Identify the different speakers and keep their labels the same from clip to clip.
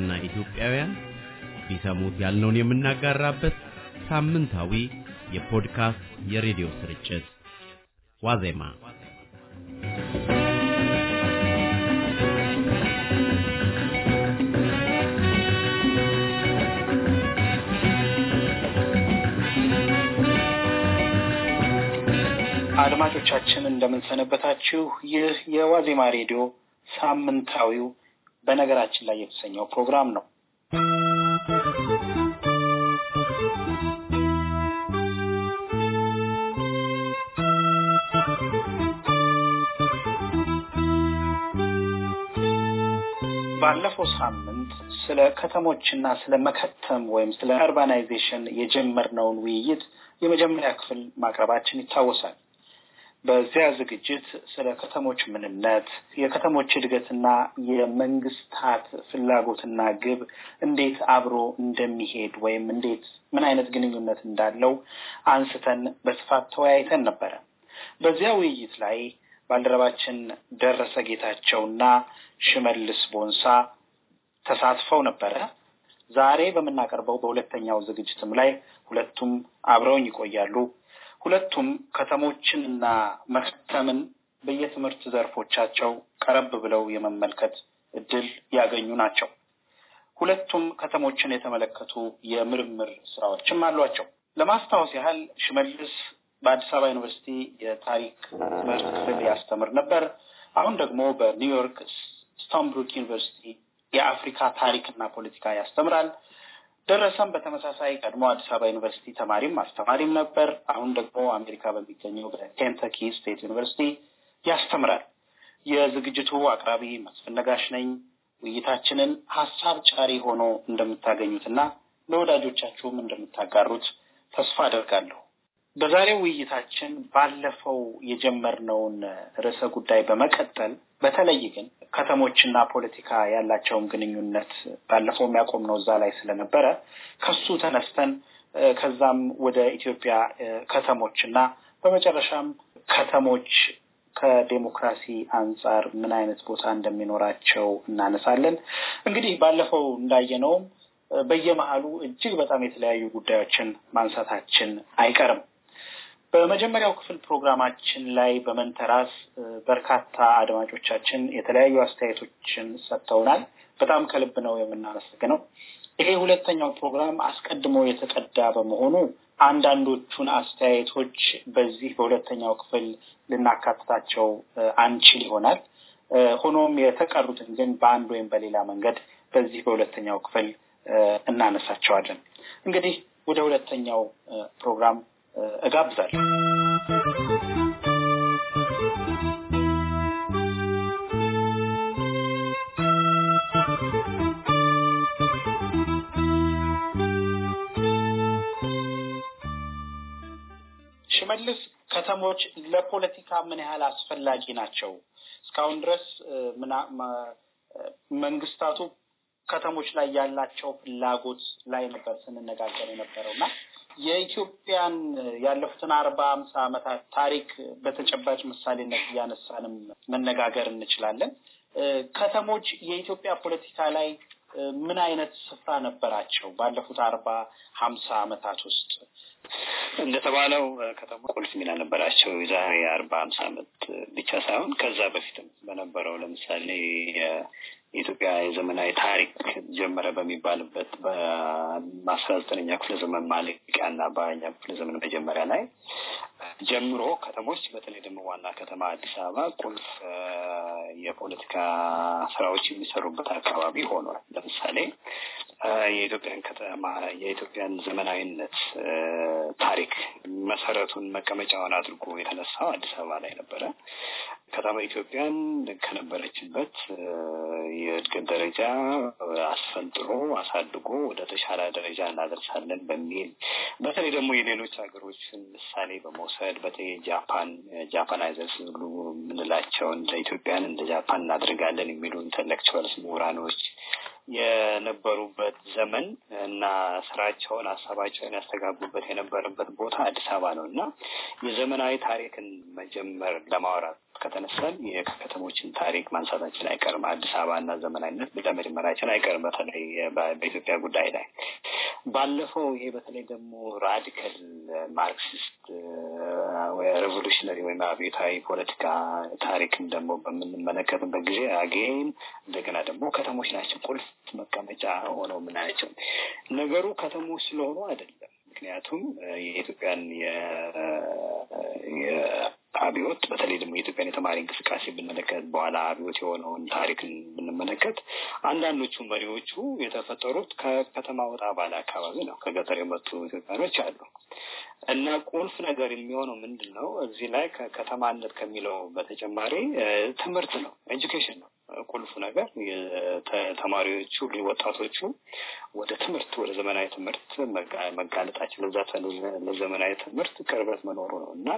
Speaker 1: ኢትዮጵያና ኢትዮጵያውያን ቢሰሙት ያልነውን የምናጋራበት ሳምንታዊ የፖድካስት የሬዲዮ ስርጭት ዋዜማ
Speaker 2: አድማጮቻችን እንደምንሰነበታችሁ። ይህ የዋዜማ ሬዲዮ ሳምንታዊው በነገራችን ላይ የተሰኘው ፕሮግራም ነው። ባለፈው ሳምንት ስለ ከተሞችና ስለ መከተም ወይም ስለ አርባናይዜሽን የጀመርነውን ውይይት የመጀመሪያ ክፍል ማቅረባችን ይታወሳል። በዚያ ዝግጅት ስለ ከተሞች ምንነት፣ የከተሞች እድገትና የመንግስታት ፍላጎትና ግብ እንዴት አብሮ እንደሚሄድ ወይም እንዴት ምን አይነት ግንኙነት እንዳለው አንስተን በስፋት ተወያይተን ነበረ። በዚያ ውይይት ላይ ባልደረባችን ደረሰ ጌታቸውና ሽመልስ ቦንሳ ተሳትፈው ነበረ። ዛሬ በምናቀርበው በሁለተኛው ዝግጅትም ላይ ሁለቱም አብረውኝ ይቆያሉ። ሁለቱም ከተሞችንና መክተምን በየትምህርት ዘርፎቻቸው ቀረብ ብለው የመመልከት እድል ያገኙ ናቸው። ሁለቱም ከተሞችን የተመለከቱ የምርምር ስራዎችም አሏቸው። ለማስታወስ ያህል ሽመልስ በአዲስ አበባ ዩኒቨርሲቲ የታሪክ ትምህርት ክፍል ያስተምር ነበር። አሁን ደግሞ በኒውዮርክ ስታምብሩክ ዩኒቨርሲቲ የአፍሪካ ታሪክና ፖለቲካ ያስተምራል። ደረሰም በተመሳሳይ ቀድሞ አዲስ አበባ ዩኒቨርሲቲ ተማሪም አስተማሪም ነበር። አሁን ደግሞ አሜሪካ በሚገኘው በኬንተኪ ስቴት ዩኒቨርሲቲ ያስተምራል። የዝግጅቱ አቅራቢ መስፍን ነጋሽ ነኝ። ውይይታችንን ሀሳብ ጫሪ ሆኖ እንደምታገኙትና ለወዳጆቻችሁም እንደምታጋሩት ተስፋ አደርጋለሁ። በዛሬው ውይይታችን ባለፈው የጀመርነውን ርዕሰ ጉዳይ በመቀጠል በተለይ ግን ከተሞችና ፖለቲካ ያላቸውን ግንኙነት ባለፈው የሚያቆም ነው እዛ ላይ ስለነበረ ከሱ ተነስተን ከዛም ወደ ኢትዮጵያ ከተሞች እና በመጨረሻም ከተሞች ከዴሞክራሲ አንጻር ምን አይነት ቦታ እንደሚኖራቸው እናነሳለን። እንግዲህ ባለፈው እንዳየነውም በየመሀሉ እጅግ በጣም የተለያዩ ጉዳዮችን ማንሳታችን አይቀርም። በመጀመሪያው ክፍል ፕሮግራማችን ላይ በመንተራስ በርካታ አድማጮቻችን የተለያዩ አስተያየቶችን ሰጥተውናል። በጣም ከልብ ነው የምናመሰግነው። ይሄ ሁለተኛው ፕሮግራም አስቀድሞ የተቀዳ በመሆኑ አንዳንዶቹን አስተያየቶች በዚህ በሁለተኛው ክፍል ልናካትታቸው አንችል ይሆናል። ሆኖም የተቀሩትን ግን በአንድ ወይም በሌላ መንገድ በዚህ በሁለተኛው ክፍል እናነሳቸዋለን። እንግዲህ ወደ ሁለተኛው ፕሮግራም እጋብዛለሁ። ሽመልስ ከተሞች ለፖለቲካ ምን ያህል አስፈላጊ ናቸው? እስካሁን ድረስ መንግስታቱ ከተሞች ላይ ያላቸው ፍላጎት ላይ ነበር ስንነጋገር የነበረው እና የኢትዮጵያን ያለፉትን አርባ አምሳ ዓመታት ታሪክ በተጨባጭ ምሳሌነት እያነሳንም መነጋገር እንችላለን። ከተሞች የኢትዮጵያ ፖለቲካ ላይ ምን አይነት ስፍራ ነበራቸው? ባለፉት አርባ ሀምሳ ዓመታት ውስጥ
Speaker 3: እንደተባለው ከተማ ቁልፍ ሚና ነበራቸው። የዛሬ አርባ ሀምሳ ዓመት ብቻ ሳይሆን ከዛ በፊትም በነበረው ለምሳሌ የኢትዮጵያ የዘመናዊ ታሪክ ጀመረ በሚባልበት በአስራ ዘጠነኛ ክፍለ ዘመን ማለቂያ እና በሀያኛ ክፍለ ዘመን መጀመሪያ ላይ ጀምሮ ከተሞች በተለይ ደግሞ ዋና ከተማ አዲስ አበባ ቁልፍ የፖለቲካ ስራዎች የሚሰሩበት አካባቢ ሆኗል። ለምሳሌ የኢትዮጵያን ከተማ የኢትዮጵያን ዘመናዊነት ታሪክ መሰረቱን መቀመጫውን አድርጎ የተነሳው አዲስ አበባ ላይ ነበረ። ከተማ ኢትዮጵያን ከነበረችበት የእድገት ደረጃ አስፈንጥሮ አሳድጎ ወደ ተሻለ ደረጃ እናደርሳለን በሚል በተለይ ደግሞ የሌሎች ሀገሮችን ምሳሌ በመውሰድ በተለይ ጃፓን ጃፓናይዘርስ ብሉ የምንላቸውን ኢትዮጵያን እንደ ጃፓን እናደርጋለን የሚሉ ኢንተሌክቹዋልስ ምሁራኖች የነበሩበት ዘመን እና ስራቸውን ሀሳባቸውን ያስተጋቡበት የነበረበት ቦታ አዲስ አበባ ነው እና የዘመናዊ ታሪክን መጀመር ለማውራት ከተነሳን የከተሞችን ታሪክ ማንሳታችን አይቀርም። አዲስ አበባ እና ዘመናዊነት መጀመራችን አይቀርም። በተለይ በኢትዮጵያ ጉዳይ ላይ ባለፈው ይሄ በተለይ ደግሞ ራዲካል ማርክሲስት ሬቮሉሽነሪ ወይም አብዮታዊ ፖለቲካ ታሪክን ደግሞ በምንመለከትበት ጊዜ አጌን እንደገና ደግሞ ከተሞች ናቸው ቁልፍ መቀመጫ ሆነው የምናያቸው ነገሩ ከተሞች ስለሆኑ አይደለም። ምክንያቱም የኢትዮጵያን አብዮት በተለይ ደግሞ የኢትዮጵያን የተማሪ እንቅስቃሴ ብንመለከት በኋላ አብዮት የሆነውን ታሪክን ብንመለከት አንዳንዶቹ መሪዎቹ የተፈጠሩት ከከተማ ወጣ ባለ አካባቢ ነው። ከገጠር የመጡ ኢትዮጵያኖች አሉ እና ቁልፍ ነገር የሚሆነው ምንድን ነው? እዚህ ላይ ከከተማነት ከሚለው በተጨማሪ ትምህርት ነው፣ ኤጁኬሽን ነው። ቁልፉ ነገር ተማሪዎቹ ወጣቶቹ ወደ ትምህርት ወደ ዘመናዊ ትምህርት መጋለጣቸው ለዛ ለዘመናዊ ትምህርት ቅርበት መኖሩ ነው እና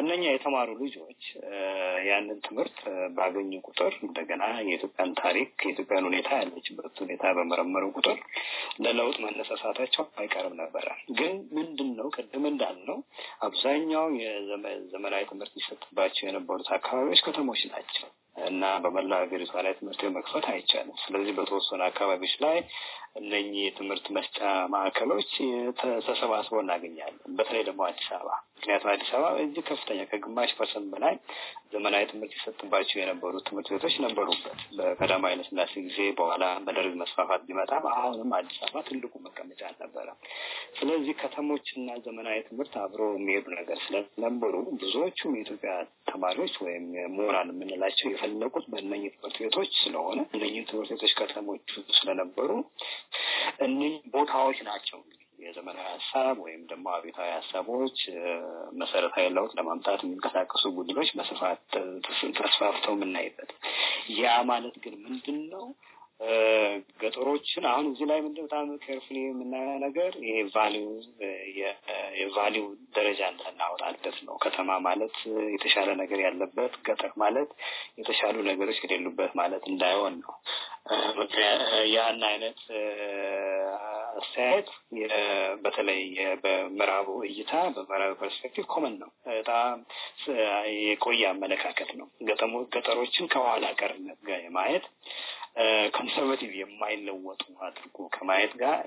Speaker 3: እነኛ የተማሩ ልጆች ያንን ትምህርት ባገኙ ቁጥር እንደገና የኢትዮጵያን ታሪክ የኢትዮጵያን ሁኔታ ያለችበት ሁኔታ በመረመሩ ቁጥር ለለውጥ መነሳሳታቸው አይቀርም ነበረ። ግን ምንድን ነው ቅድም እንዳልነው አብዛኛው የዘመናዊ ትምህርት ይሰጥባቸው የነበሩት አካባቢዎች ከተሞች ናቸው። እና በመላው ሀገሪቷ ላይ ትምህርት መክፈት አይቻልም። ስለዚህ በተወሰኑ አካባቢዎች ላይ እነኚህ የትምህርት መስጫ ማዕከሎች ተሰባስበው እናገኛለን። በተለይ ደግሞ አዲስ አበባ ምክንያቱም አዲስ አበባ እዚህ ከፍተኛ ከግማሽ ፐርሰንት በላይ ዘመናዊ ትምህርት ይሰጥባቸው የነበሩ ትምህርት ቤቶች ነበሩበት። በቀዳማዊ ኃይለ ሥላሴ ጊዜ በኋላ በደርግ መስፋፋት ቢመጣም አሁንም አዲስ አበባ ትልቁ መቀመጫ አልነበረ። ስለዚህ ከተሞችና ዘመናዊ ትምህርት አብሮ የሚሄዱ ነገር ስለነበሩ ብዙዎቹም የኢትዮጵያ ተማሪዎች ወይም ምሁራን የምንላቸው የፈለቁት በእነኝህ ትምህርት ቤቶች ስለሆነ እነኝህ ትምህርት ቤቶች ከተሞቹ ስለነበሩ እኒህ ቦታዎች ናቸው የዘመናዊ ሀሳብ ወይም ደግሞ አቤታዊ ሀሳቦች መሰረታዊ ለውጥ ለማምጣት የሚንቀሳቀሱ ቡድኖች በስፋት ተስፋፍተው የምናይበት ያ ማለት ግን ምንድን ነው ገጠሮችን አሁን እዚህ ላይ ምንድን በጣም ኬርፍሊ የምናየው ነገር ይሄ ቫሊዩ የቫሊዩ ደረጃ እንዳናወጣለት ነው። ከተማ ማለት የተሻለ ነገር ያለበት፣ ገጠር ማለት የተሻሉ ነገሮች የሌሉበት ማለት እንዳይሆን ነው። ያን አይነት አስተያየት በተለይ በምዕራቡ እይታ በምዕራቡ ፐርስፔክቲቭ ኮመን ነው። በጣም የቆየ አመለካከት ነው። ገጠሮችን ከኋላ ቀርነት ጋር የማየት ኮንሰርቫቲቭ የማይለወጡ አድርጎ ከማየት ጋር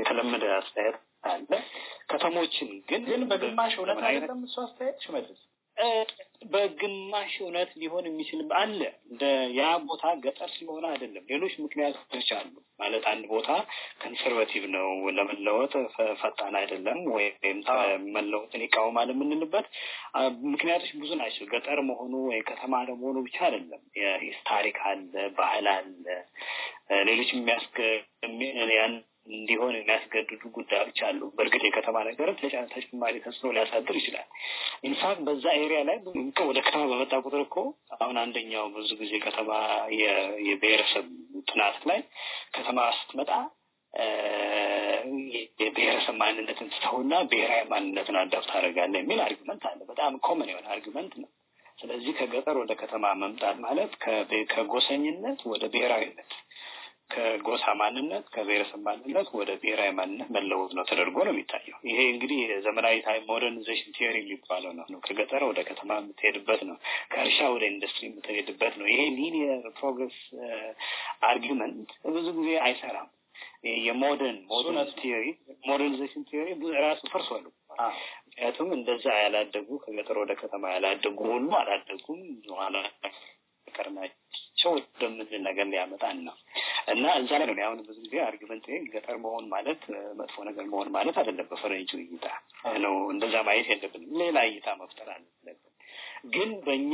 Speaker 3: የተለመደ አስተያየት አለ። ከተሞችን ግን ግን በግማሽ እውነት አይደለም እሱ አስተያየት ሽመልስ በግማሽ እውነት ሊሆን የሚችል አለ። ያ ቦታ ገጠር ስለሆነ አይደለም፣ ሌሎች ምክንያቶች አሉ። ማለት አንድ ቦታ ኮንሰርቫቲቭ ነው፣ ለመለወጥ ፈጣን አይደለም፣ ወይም መለወጥን ይቃወማል የምንልበት ምክንያቶች ብዙ ናቸው። ገጠር መሆኑ ወይ ከተማ ለመሆኑ ብቻ አይደለም። ታሪክ አለ፣ ባህል አለ፣ ሌሎች የሚያስ እንዲሆን የሚያስገድዱ ጉዳዮች አሉ። በእርግጥ የከተማ ነገር ተጨማሪ ተጽዕኖ ሊያሳድር ይችላል። ኢንፋክት በዛ ኤሪያ ላይ ወደ ከተማ በመጣ ቁጥር እኮ አሁን አንደኛው ብዙ ጊዜ ከተማ የብሔረሰብ ጥናት ላይ ከተማ ስትመጣ የብሔረሰብ ማንነትን ትተውና ብሔራዊ ማንነትን አዳፕት ታደርጋለህ የሚል አርግመንት አለ። በጣም ኮመን የሆነ አርግመንት ነው። ስለዚህ ከገጠር ወደ ከተማ መምጣት ማለት ከጎሰኝነት ወደ ብሔራዊነት ከጎሳ ማንነት ከብሔረሰብ ማንነት ወደ ብሔራዊ ማንነት መለወጥ ነው ተደርጎ ነው የሚታየው። ይሄ እንግዲህ ዘመናዊ ታይም ሞደርኒዜሽን ቲዮሪ የሚባለው ነው። ከገጠር ወደ ከተማ የምትሄድበት ነው። ከእርሻ ወደ ኢንዱስትሪ የምትሄድበት ነው። ይሄ ሊኒየር ፕሮግረስ አርጊመንት ብዙ ጊዜ አይሰራም። የሞደርን ሞደርን ቲዮሪ ሞደርናይዜሽን ቲዮሪ ራሱ ፈርሶ ነው። ምክንያቱም እንደዛ ያላደጉ ከገጠር ወደ ከተማ ያላደጉ ሁሉ አላደጉም ኋላ ቀርናቸው ወደምንል ነገር ሊያመጣን ነው እና እዛ ላይ ነው አሁን ብዙ ጊዜ አርግመንት ገጠር መሆን ማለት መጥፎ ነገር መሆን ማለት አይደለም። በፈረንጁ እይታ ነው እንደዛ ማየት የለብንም። ሌላ እይታ መፍጠር አለብን። ግን በእኛ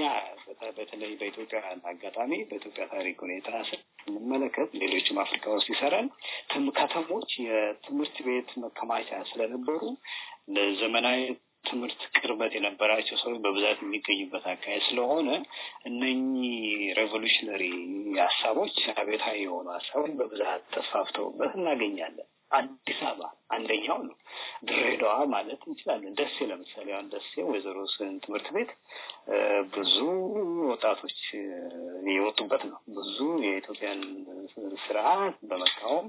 Speaker 3: በተለይ በኢትዮጵያ አጋጣሚ በኢትዮጵያ ታሪክ ሁኔታ ስንመለከት ሌሎችም አፍሪካ ውስጥ ይሰራል። ከተሞች የትምህርት ቤት መከማቻ ስለነበሩ ዘመናዊ ትምህርት ቅርበት የነበራቸው ሰዎች በብዛት የሚገኙበት አካባቢ ስለሆነ እነኚህ ሬቮሉሽነሪ ሀሳቦች አቤታዊ የሆኑ ሀሳቦች በብዛት ተስፋፍተውበት እናገኛለን። አዲስ አበባ አንደኛው ነው። ድሬዳዋ ማለት እንችላለን። ደሴ ለምሳሌ አሁን ደሴ ወይዘሮ ስን ትምህርት ቤት ብዙ ወጣቶች የወጡበት ነው። ብዙ የኢትዮጵያን ስርዓት በመቃወም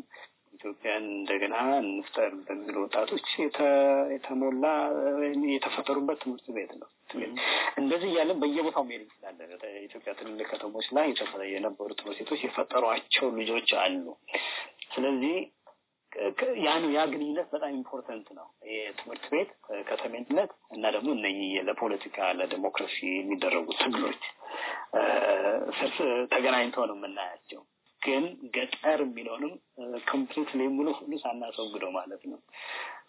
Speaker 3: ኢትዮጵያን እንደገና እንፍጠር በሚሉ ወጣቶች የተሞላ የተፈጠሩበት ትምህርት ቤት ነው። እንደዚህ እያለን በየቦታው መሄድ እንችላለን። ኢትዮጵያ ትልልቅ ከተሞች ላይ የነበሩ ትምህርት ቤቶች የፈጠሯቸው ልጆች አሉ። ስለዚህ ያን ያ ግንኙነት በጣም ኢምፖርተንት ነው። የትምህርት ቤት ከተሜንትነት እና ደግሞ እነ ለፖለቲካ ለዲሞክራሲ የሚደረጉ ትግሎች ስርስ ተገናኝተው ነው የምናያቸው። ግን ገጠር የሚለውንም ኮምፕሊትሊ ሙሉ ሁሉ ሳናስወግደው ማለት ነው።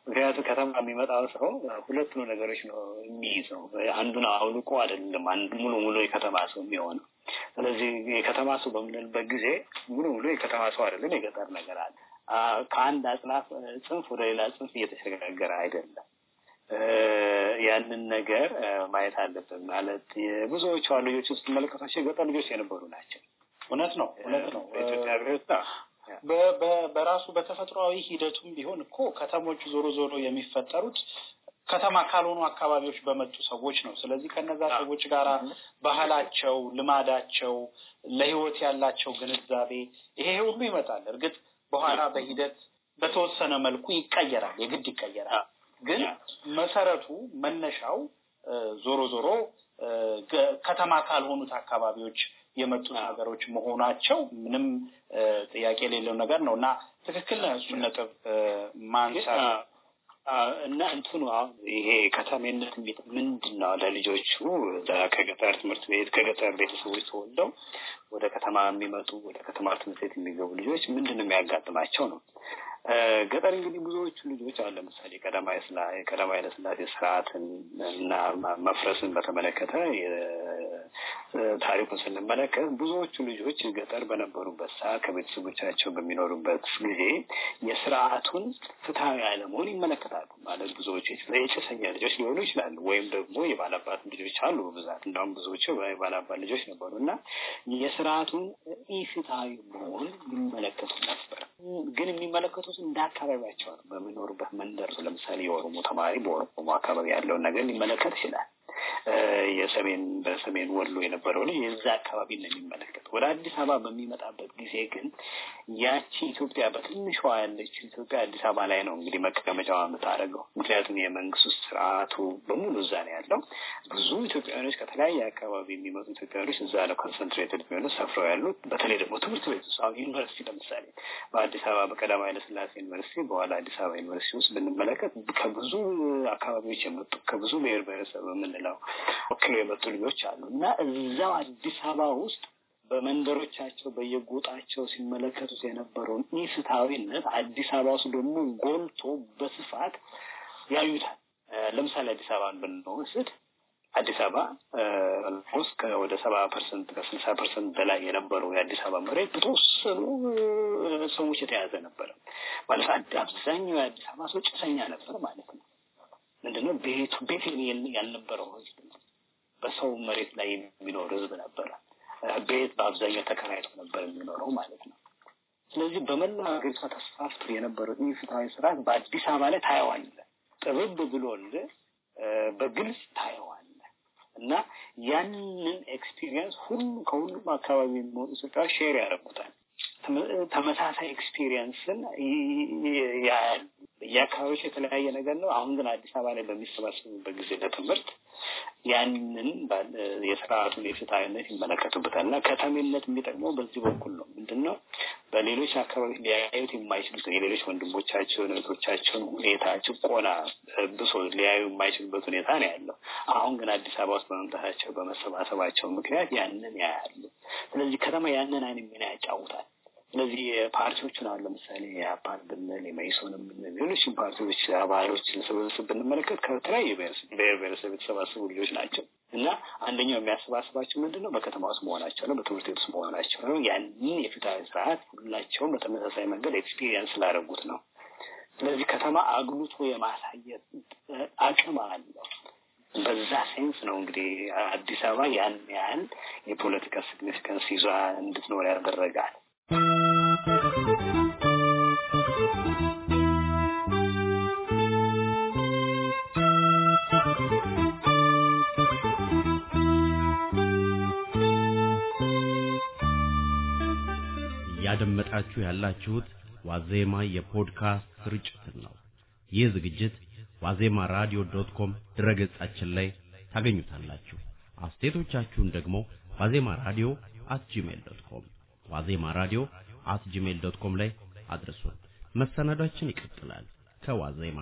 Speaker 3: ምክንያቱም ከተማ የሚመጣው ሰው ሁለቱ ነገሮች ነው የሚይዘው። አንዱን አውልቆ አይደለም አንዱ ሙሉ ሙሉ የከተማ ሰው የሚሆነው። ስለዚህ የከተማ ሰው በምንልበት ጊዜ ሙሉ ሙሉ የከተማ ሰው አይደለም፣ የገጠር ነገር አለ። ከአንድ አጽናፍ ጽንፍ ወደ ሌላ ጽንፍ እየተሸጋገረ አይደለም። ያንን ነገር ማየት አለብን ማለት ብዙዎቹ ልጆች ስትመለከታቸው የገጠር ልጆች የነበሩ ናቸው። እውነት ነው፣ እውነት ነው።
Speaker 2: በራሱ በተፈጥሯዊ ሂደቱም ቢሆን እኮ ከተሞች ዞሮ ዞሮ የሚፈጠሩት ከተማ ካልሆኑ አካባቢዎች በመጡ ሰዎች ነው። ስለዚህ ከነዛ ሰዎች ጋር ባህላቸው፣ ልማዳቸው፣ ለህይወት ያላቸው ግንዛቤ ይሄ ሁሉ ይመጣል። እርግጥ በኋላ በሂደት በተወሰነ መልኩ ይቀየራል፣ የግድ ይቀየራል። ግን መሰረቱ መነሻው ዞሮ ዞሮ ከተማ ካልሆኑት አካባቢዎች የመጡ ነገሮች መሆናቸው ምንም ጥያቄ የሌለው ነገር ነው እና ትክክል ነው። እሱን ነጥብ ማንሳት እና
Speaker 3: እንትኑ ይሄ ከተሜነት ቤት ምንድን ነው ለልጆቹ ከገጠር ትምህርት ቤት ከገጠር ቤተሰቦች ተወልደው ወደ ከተማ የሚመጡ ወደ ከተማ ትምህርት ቤት የሚገቡ ልጆች ምንድን ነው የሚያጋጥማቸው ነው ገጠር እንግዲህ ብዙዎቹ ልጆች አሁን ለምሳሌ ቀዳማዊ ኃይለ ሥላሴ ስርዓትን እና መፍረስን በተመለከተ ታሪኩን ስንመለከት ብዙዎቹ ልጆች ገጠር በነበሩበት ሰዓት ከቤተሰቦቻቸው በሚኖሩበት ጊዜ የስርዓቱን ፍትሐዊ አለመሆን ይመለከታሉ። ማለት ብዙዎቹ የጭሰኛ ልጆች ሊሆኑ ይችላሉ፣ ወይም ደግሞ የባላባት ልጆች አሉ። በብዛት እንዲሁም ብዙዎቹ የባላባት ልጆች ነበሩ እና የስርዓቱን ኢፍትሐዊ መሆን ይመለከቱ ነበር። ግን የሚመለከቱ እነሱ እንደ አካባቢያቸው ነው። በሚኖሩበት መንደር ለምሳሌ የኦሮሞ ተማሪ በኦሮሞ አካባቢ ያለውን ነገር ሊመለከት ይችላል። የሰሜን በሰሜን ወሎ የነበረው የነበረውን የዛ አካባቢ ነው የሚመለከት ወደ አዲስ አበባ በሚመጣበት ጊዜ ግን ያቺ ኢትዮጵያ በትንሿ ያለችው ኢትዮጵያ አዲስ አበባ ላይ ነው እንግዲህ መቀመጫዋ የምታደርገው። ምክንያቱም የመንግስቱ ስርዓቱ በሙሉ እዛ ነው ያለው። ብዙ ኢትዮጵያውያኖች ከተለያየ አካባቢ የሚመጡ ኢትዮጵያውያኖች እዛ ነው ኮንሰንትሬትድ የሚሆነ ሰፍረው ያሉት። በተለይ ደግሞ ትምህርት ቤት ውስጥ አሁን ዩኒቨርሲቲ ለምሳሌ በአዲስ አበባ በቀዳማዊ ኃይለሥላሴ ዩኒቨርሲቲ በኋላ አዲስ አበባ ዩኒቨርሲቲ ውስጥ ብንመለከት ከብዙ አካባቢዎች የመጡ ከብዙ ብሔር ብሔረሰብ የምንለው የመጡ ልጆች አሉ እና እዛው አዲስ አበባ ውስጥ በመንደሮቻቸው በየጎጣቸው ሲመለከቱት የነበረውን ኢፍትሐዊነት አዲስ አበባ ውስጥ ደግሞ ጎልቶ በስፋት ያዩታል። ለምሳሌ አዲስ አበባን ብንወስድ አዲስ አበባ ውስጥ ወደ ሰባ ፐርሰንት ከስልሳ ፐርሰንት በላይ የነበረው የአዲስ አበባ መሬት በተወሰኑ ሰዎች የተያዘ ነበረ ማለት አብዛኛው የአዲስ አበባ ሰው ጭሰኛ ነበር ማለት ነው። ምንድነው ቤቱ ቤት ያልነበረው ህዝብ ነው። በሰው መሬት ላይ የሚኖር ህዝብ ነበረ። ቤት በአብዛኛው ተከራይቶ ነበር የሚኖረው ማለት ነው። ስለዚህ በመላ ሀገሪቷ ተስፋፍቶ የነበረው ኢፍትሐዊ ስርዓት በአዲስ አበባ ላይ ታየዋለ፣ ጥብብ ብሎልህ በግልጽ ታየዋለ እና ያንን ኤክስፒሪየንስ ሁሉ ከሁሉም አካባቢ የሚሆኑ ኢትዮጵያውያን ሼር ያደርጉታል። ተመሳሳይ ኤክስፒሪየንስን ያያል።
Speaker 1: በየአካባቢዎች
Speaker 3: የተለያየ ነገር ነው። አሁን ግን አዲስ አበባ ላይ በሚሰባሰቡበት ጊዜ ለትምህርት ያንን የስርዓቱን የፍትሐዊነት ይመለከቱበታል እና ከተሜነት የሚጠቅመው በዚህ በኩል ነው። ምንድን ነው በሌሎች አካባቢዎች ሊያዩት የማይችሉት የሌሎች ወንድሞቻቸውን እህቶቻቸውን ሁኔታ ጭቆና፣ ብሶ ሊያዩ የማይችሉበት ሁኔታ ነው ያለው። አሁን ግን አዲስ አበባ ውስጥ በመምጣታቸው በመሰባሰባቸው ምክንያት ያንን ያያሉ። ስለዚህ ከተማ ያንን አይነት ሚና ያጫውታል። እነዚህ ፓርቲዎችን አሁን ለምሳሌ የአፓር ብንል የመይሶን ብንል ሌሎችም ፓርቲዎች አባሎችን ስብስብ ብንመለከት ከተለያዩ ብሔር ብሔረሰብ የተሰባሰቡ ልጆች ናቸው እና አንደኛው የሚያሰባስባቸው ምንድን ነው? በከተማ ውስጥ መሆናቸው ነው። በትምህርት ቤት ውስጥ መሆናቸው ነው። ያንን የፍትሐዊ ስርዓት ሁላቸውም በተመሳሳይ መንገድ ኤክስፒሪየንስ ስላደረጉት ነው። ስለዚህ ከተማ አግሉቶ የማሳየት አቅም አለው። በዛ ሴንስ ነው እንግዲህ አዲስ አበባ ያን ያህል የፖለቲካ ሲግኒፊካንስ ይዟ እንድትኖር ያደረጋል።
Speaker 4: እያደመጣችሁ
Speaker 1: ያላችሁት ዋዜማ የፖድካስት ስርጭትን ነው። ይህ ዝግጅት ዋዜማ ራዲዮ ዶት ኮም ድረገጻችን ላይ ታገኙታላችሁ። አስተያየቶቻችሁን ደግሞ ዋዜማ ራዲዮ አት ጂሜል ዶት ኮም ዋዜማ ራዲዮ አት ጂሜል ዶት ኮም ላይ አድረሱን። መሰናዷችን ይቀጥላል። ከዋዜማ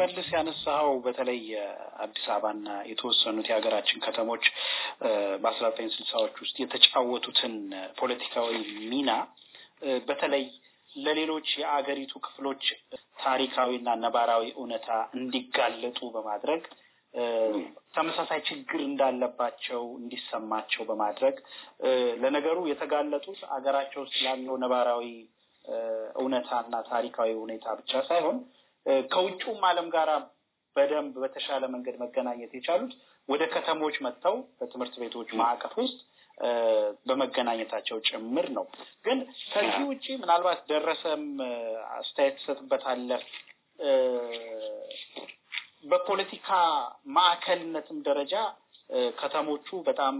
Speaker 2: ሽመልስ ያነሳኸው በተለይ አዲስ አበባና የተወሰኑት የሀገራችን ከተሞች በአስራ ዘጠኝ ስልሳዎች ውስጥ የተጫወቱትን ፖለቲካዊ ሚና በተለይ ለሌሎች የአገሪቱ ክፍሎች ታሪካዊና ነባራዊ እውነታ እንዲጋለጡ በማድረግ ተመሳሳይ ችግር እንዳለባቸው እንዲሰማቸው በማድረግ ለነገሩ የተጋለጡት አገራቸው ውስጥ ያለው ነባራዊ እውነታና ታሪካዊ ሁኔታ ብቻ ሳይሆን ከውጭውም ዓለም ጋር በደንብ በተሻለ መንገድ መገናኘት የቻሉት ወደ ከተሞች መጥተው በትምህርት ቤቶች ማዕቀፍ ውስጥ በመገናኘታቸው ጭምር ነው። ግን ከዚህ ውጭ ምናልባት ደረሰም አስተያየት ትሰጥበታለህ። በፖለቲካ ማዕከልነትም ደረጃ ከተሞቹ በጣም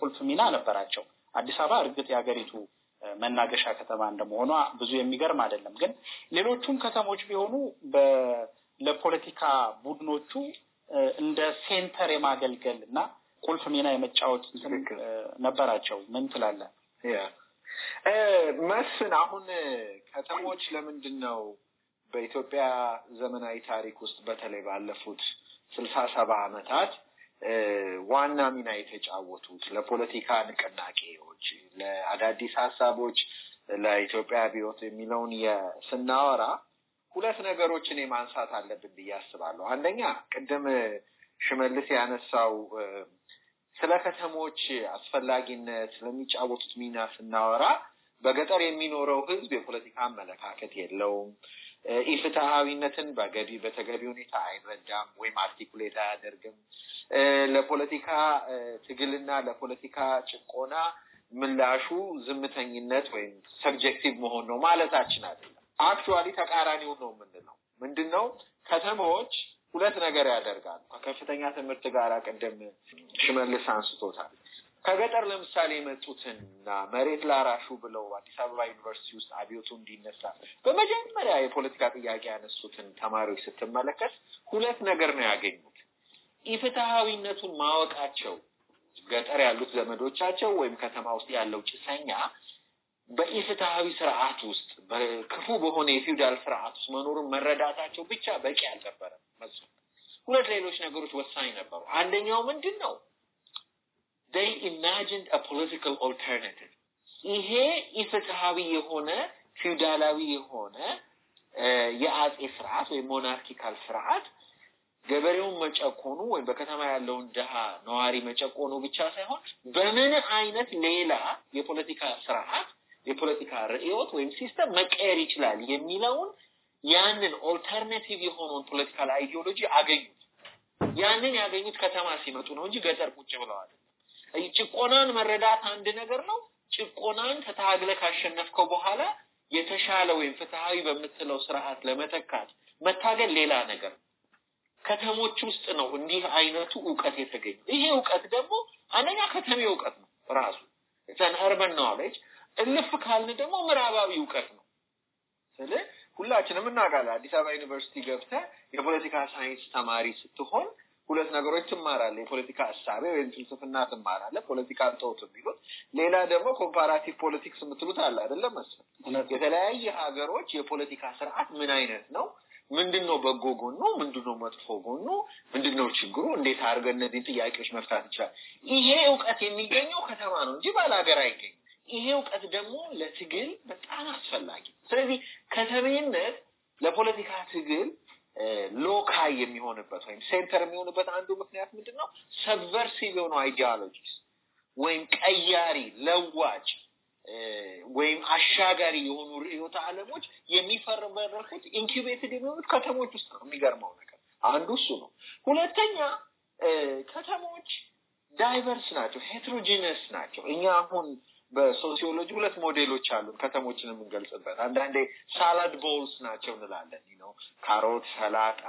Speaker 2: ቁልፍ ሚና ነበራቸው። አዲስ አበባ እርግጥ የሀገሪቱ መናገሻ ከተማ እንደመሆኗ ብዙ የሚገርም አይደለም። ግን ሌሎቹም ከተሞች ቢሆኑ ለፖለቲካ ቡድኖቹ እንደ ሴንተር የማገልገል እና ቁልፍ ሚና የመጫወት ነበራቸው። ምን ትላለህ
Speaker 5: መስን አሁን ከተሞች ለምንድን ነው በኢትዮጵያ ዘመናዊ ታሪክ ውስጥ በተለይ ባለፉት ስልሳ ሰባ ዓመታት ዋና ሚና የተጫወቱት ለፖለቲካ ንቅናቄዎች፣ ለአዳዲስ ሀሳቦች፣ ለኢትዮጵያ አብዮት የሚለውን ስናወራ ሁለት ነገሮችን የማንሳት አለብን ብዬ አስባለሁ። አንደኛ ቅድም ሽመልስ ያነሳው ስለ ከተሞች አስፈላጊነት ስለሚጫወቱት ሚና ስናወራ በገጠር የሚኖረው ሕዝብ የፖለቲካ አመለካከት የለውም። ኢፍትሐዊነትን በተገቢ ሁኔታ አይረዳም ወይም አርቲኩሌት አያደርግም። ለፖለቲካ ትግልና ለፖለቲካ ጭቆና ምላሹ ዝምተኝነት ወይም ሰብጀክቲቭ መሆን ነው ማለታችን አይደለም። አክቹዋሊ ተቃራኒው ነው የምንለው። ምንድን ነው ከተማዎች ሁለት ነገር ያደርጋሉ። ከከፍተኛ ትምህርት ጋር ቅድም ሽመልስ አንስቶታል። ከገጠር ለምሳሌ የመጡትንና መሬት ላራሹ ብለው አዲስ አበባ ዩኒቨርሲቲ ውስጥ አብዮቱ እንዲነሳ በመጀመሪያ የፖለቲካ ጥያቄ ያነሱትን ተማሪዎች ስትመለከት ሁለት ነገር ነው ያገኙት። ኢፍትሐዊነቱን ማወቃቸው ገጠር ያሉት ዘመዶቻቸው ወይም ከተማ ውስጥ ያለው ጭሰኛ በኢፍትሐዊ ስርዓት ውስጥ በክፉ በሆነ የፊውዳል ስርዓት ውስጥ መኖሩን መረዳታቸው ብቻ በቂ አልነበረም። ሁለት ሌሎች ነገሮች ወሳኝ ነበሩ። አንደኛው ምንድን ነው? they imagined a political alternative ይሄ ኢፍትሃዊ የሆነ ፊውዳላዊ የሆነ የአጼ ስርዓት ወይም ሞናርኪካል ስርዓት ገበሬውን መጨቆኑ ወይም በከተማ ያለውን ድሃ ነዋሪ መጨቆኑ ብቻ ሳይሆን በምን አይነት ሌላ የፖለቲካ ስርዓት የፖለቲካ ርዕዮት ወይም ሲስተም መቀየር ይችላል የሚለውን ያንን ኦልተርኔቲቭ የሆነውን ፖለቲካል አይዲዮሎጂ አገኙት። ያንን ያገኙት ከተማ ሲመጡ ነው እንጂ ገጠር ቁጭ ብለዋል። ጭቆናን መረዳት አንድ ነገር ነው። ጭቆናን ተታግለ ካሸነፍከው በኋላ የተሻለ ወይም ፍትሃዊ በምትለው ስርዓት ለመተካት መታገል ሌላ ነገር ነው። ከተሞች ውስጥ ነው እንዲህ አይነቱ እውቀት የተገኘ። ይሄ እውቀት ደግሞ አንደኛ ከተሜ እውቀት ነው ራሱ ዘን አርበን ኖሌጅ እልፍ ካልን ደግሞ ምዕራባዊ እውቀት ነው ስለ ሁላችንም እናውቃለን። አዲስ አበባ ዩኒቨርሲቲ ገብተ የፖለቲካ ሳይንስ ተማሪ ስትሆን ሁለት ነገሮች ትማራለ። የፖለቲካ እሳቤ ወይም ፍልስፍና ትማራለ፣ ፖለቲካ ተውት የሚሉት ሌላ ደግሞ ኮምፓራቲቭ ፖለቲክስ የምትሉት አለ አይደለም መሰለኝ። የተለያየ ሀገሮች የፖለቲካ ስርዓት ምን አይነት ነው፣ ምንድን ነው በጎ ጎኑ፣ ምንድን ነው መጥፎ ጎኑ፣ ምንድን ነው ችግሩ፣ እንዴት አድርገን እነዚህን ጥያቄዎች መፍታት ይችላል። ይሄ እውቀት የሚገኘው ከተማ ነው እንጂ ባለ ሀገር አይገኝ። ይሄ እውቀት ደግሞ ለትግል በጣም አስፈላጊ። ስለዚህ ከተሜነት ለፖለቲካ ትግል ሎካይ የሚሆንበት ወይም ሴንተር የሚሆንበት አንዱ ምክንያት ምንድን ነው? ሰብቨርሲቭ የሆኑ አይዲዮሎጂስ ወይም ቀያሪ ለዋጭ ወይም አሻጋሪ የሆኑ ርዕዮተ ዓለሞች የሚፈረበረኩት ኢንኪቤትድ የሚሆኑት ከተሞች ውስጥ ነው። የሚገርመው ነገር አንዱ እሱ ነው። ሁለተኛ ከተሞች ዳይቨርስ ናቸው፣ ሄትሮጂነስ ናቸው። እኛ አሁን በሶሲዮሎጂ ሁለት ሞዴሎች አሉ ከተሞችን የምንገልጽበት። አንዳንዴ ሳላድ ቦልስ ናቸው እንላለን ነው ካሮት፣ ሰላጣ፣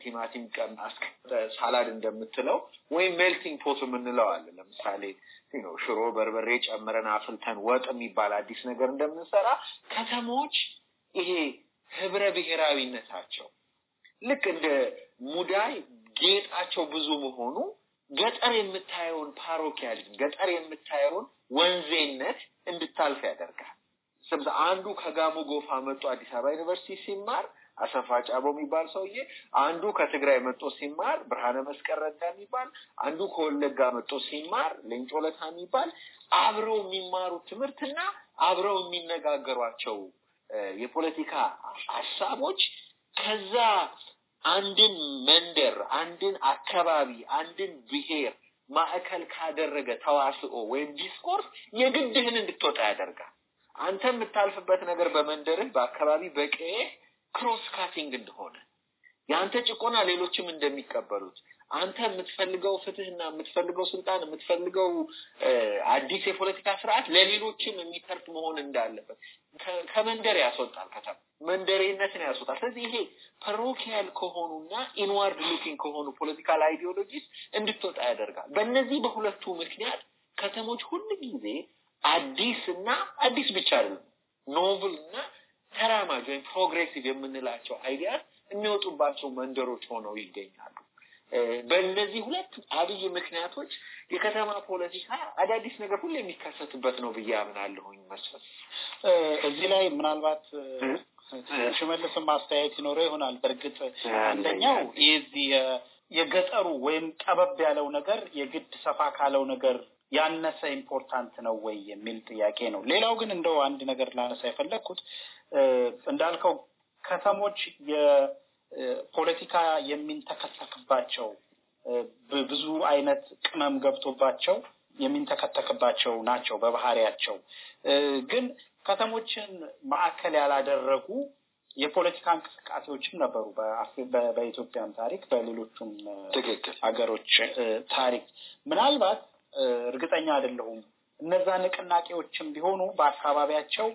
Speaker 5: ቲማቲም ቀማስ ሳላድ እንደምትለው ወይም ሜልቲንግ ፖት የምንለው አለ። ለምሳሌ ነው ሽሮ በርበሬ ጨምረን አፍልተን ወጥ የሚባል አዲስ ነገር እንደምንሰራ ከተሞች ይሄ ህብረ ብሔራዊነታቸው ልክ እንደ ሙዳይ ጌጣቸው ብዙ መሆኑ ገጠር የምታየውን ፓሮኪያሊዝም ገጠር የምታየውን ወንዜነት እንድታልፍ ያደርጋል። አንዱ ከጋሞ ጎፋ መጡ አዲስ አበባ ዩኒቨርሲቲ ሲማር አሰፋ ጫቦ የሚባል ሰውዬ፣ አንዱ ከትግራይ መጦ ሲማር ብርሃነ መስቀል ረዳ የሚባል፣ አንዱ ከወለጋ መጦ ሲማር ሌንጮ ለታ የሚባል አብረው የሚማሩት ትምህርትና አብረው የሚነጋገሯቸው የፖለቲካ ሀሳቦች ከዛ አንድን መንደር፣ አንድን አካባቢ፣ አንድን ብሔር ማዕከል ካደረገ ተዋስኦ ወይም ዲስኮርስ የግድህን እንድትወጣ ያደርጋል። አንተ የምታልፍበት ነገር በመንደርህ፣ በአካባቢ፣ በቀዬ ክሮስ ካቲንግ እንደሆነ የአንተ ጭቆና ሌሎችም እንደሚቀበሉት አንተ የምትፈልገው ፍትህና የምትፈልገው ስልጣን የምትፈልገው አዲስ የፖለቲካ ስርዓት ለሌሎችም የሚተርፍ መሆን እንዳለበት ከመንደር ያስወጣል። ከተማ መንደሬነትን ያስወጣል። ስለዚህ ይሄ ፐሮኪያል ከሆኑና ኢንዋርድ ሉኪንግ ከሆኑ ፖለቲካል አይዲዮሎጂስ እንድትወጣ ያደርጋል። በእነዚህ በሁለቱ ምክንያት ከተሞች ሁሉ ጊዜ አዲስ እና አዲስ ብቻ አይደለም ኖቭል እና ተራማጅ ወይም ፕሮግሬሲቭ የምንላቸው አይዲያስ የሚወጡባቸው መንደሮች ሆነው ይገኛሉ። በእነዚህ ሁለት አብይ ምክንያቶች የከተማ ፖለቲካ አዳዲስ ነገር ሁሉ የሚከሰትበት ነው ብዬ አምናለሁኝ። መስፍን፣
Speaker 2: እዚህ ላይ ምናልባት ሽመልስም ማስተያየት ይኖረው ይሆናል። በእርግጥ አንደኛው የዚህ የገጠሩ ወይም ጠበብ ያለው ነገር የግድ ሰፋ ካለው ነገር ያነሰ ኢምፖርታንት ነው ወይ የሚል ጥያቄ ነው። ሌላው ግን እንደው አንድ ነገር ላነሳ የፈለግኩት እንዳልከው ከተሞች ፖለቲካ የሚንተከተክባቸው ብዙ አይነት ቅመም ገብቶባቸው የሚንተከተክባቸው ናቸው በባህሪያቸው። ግን ከተሞችን ማዕከል ያላደረጉ የፖለቲካ እንቅስቃሴዎችም ነበሩ በኢትዮጵያም ታሪክ በሌሎቹም ሀገሮች ታሪክ። ምናልባት እርግጠኛ አይደለሁም እነዛ ንቅናቄዎችም ቢሆኑ በአካባቢያቸው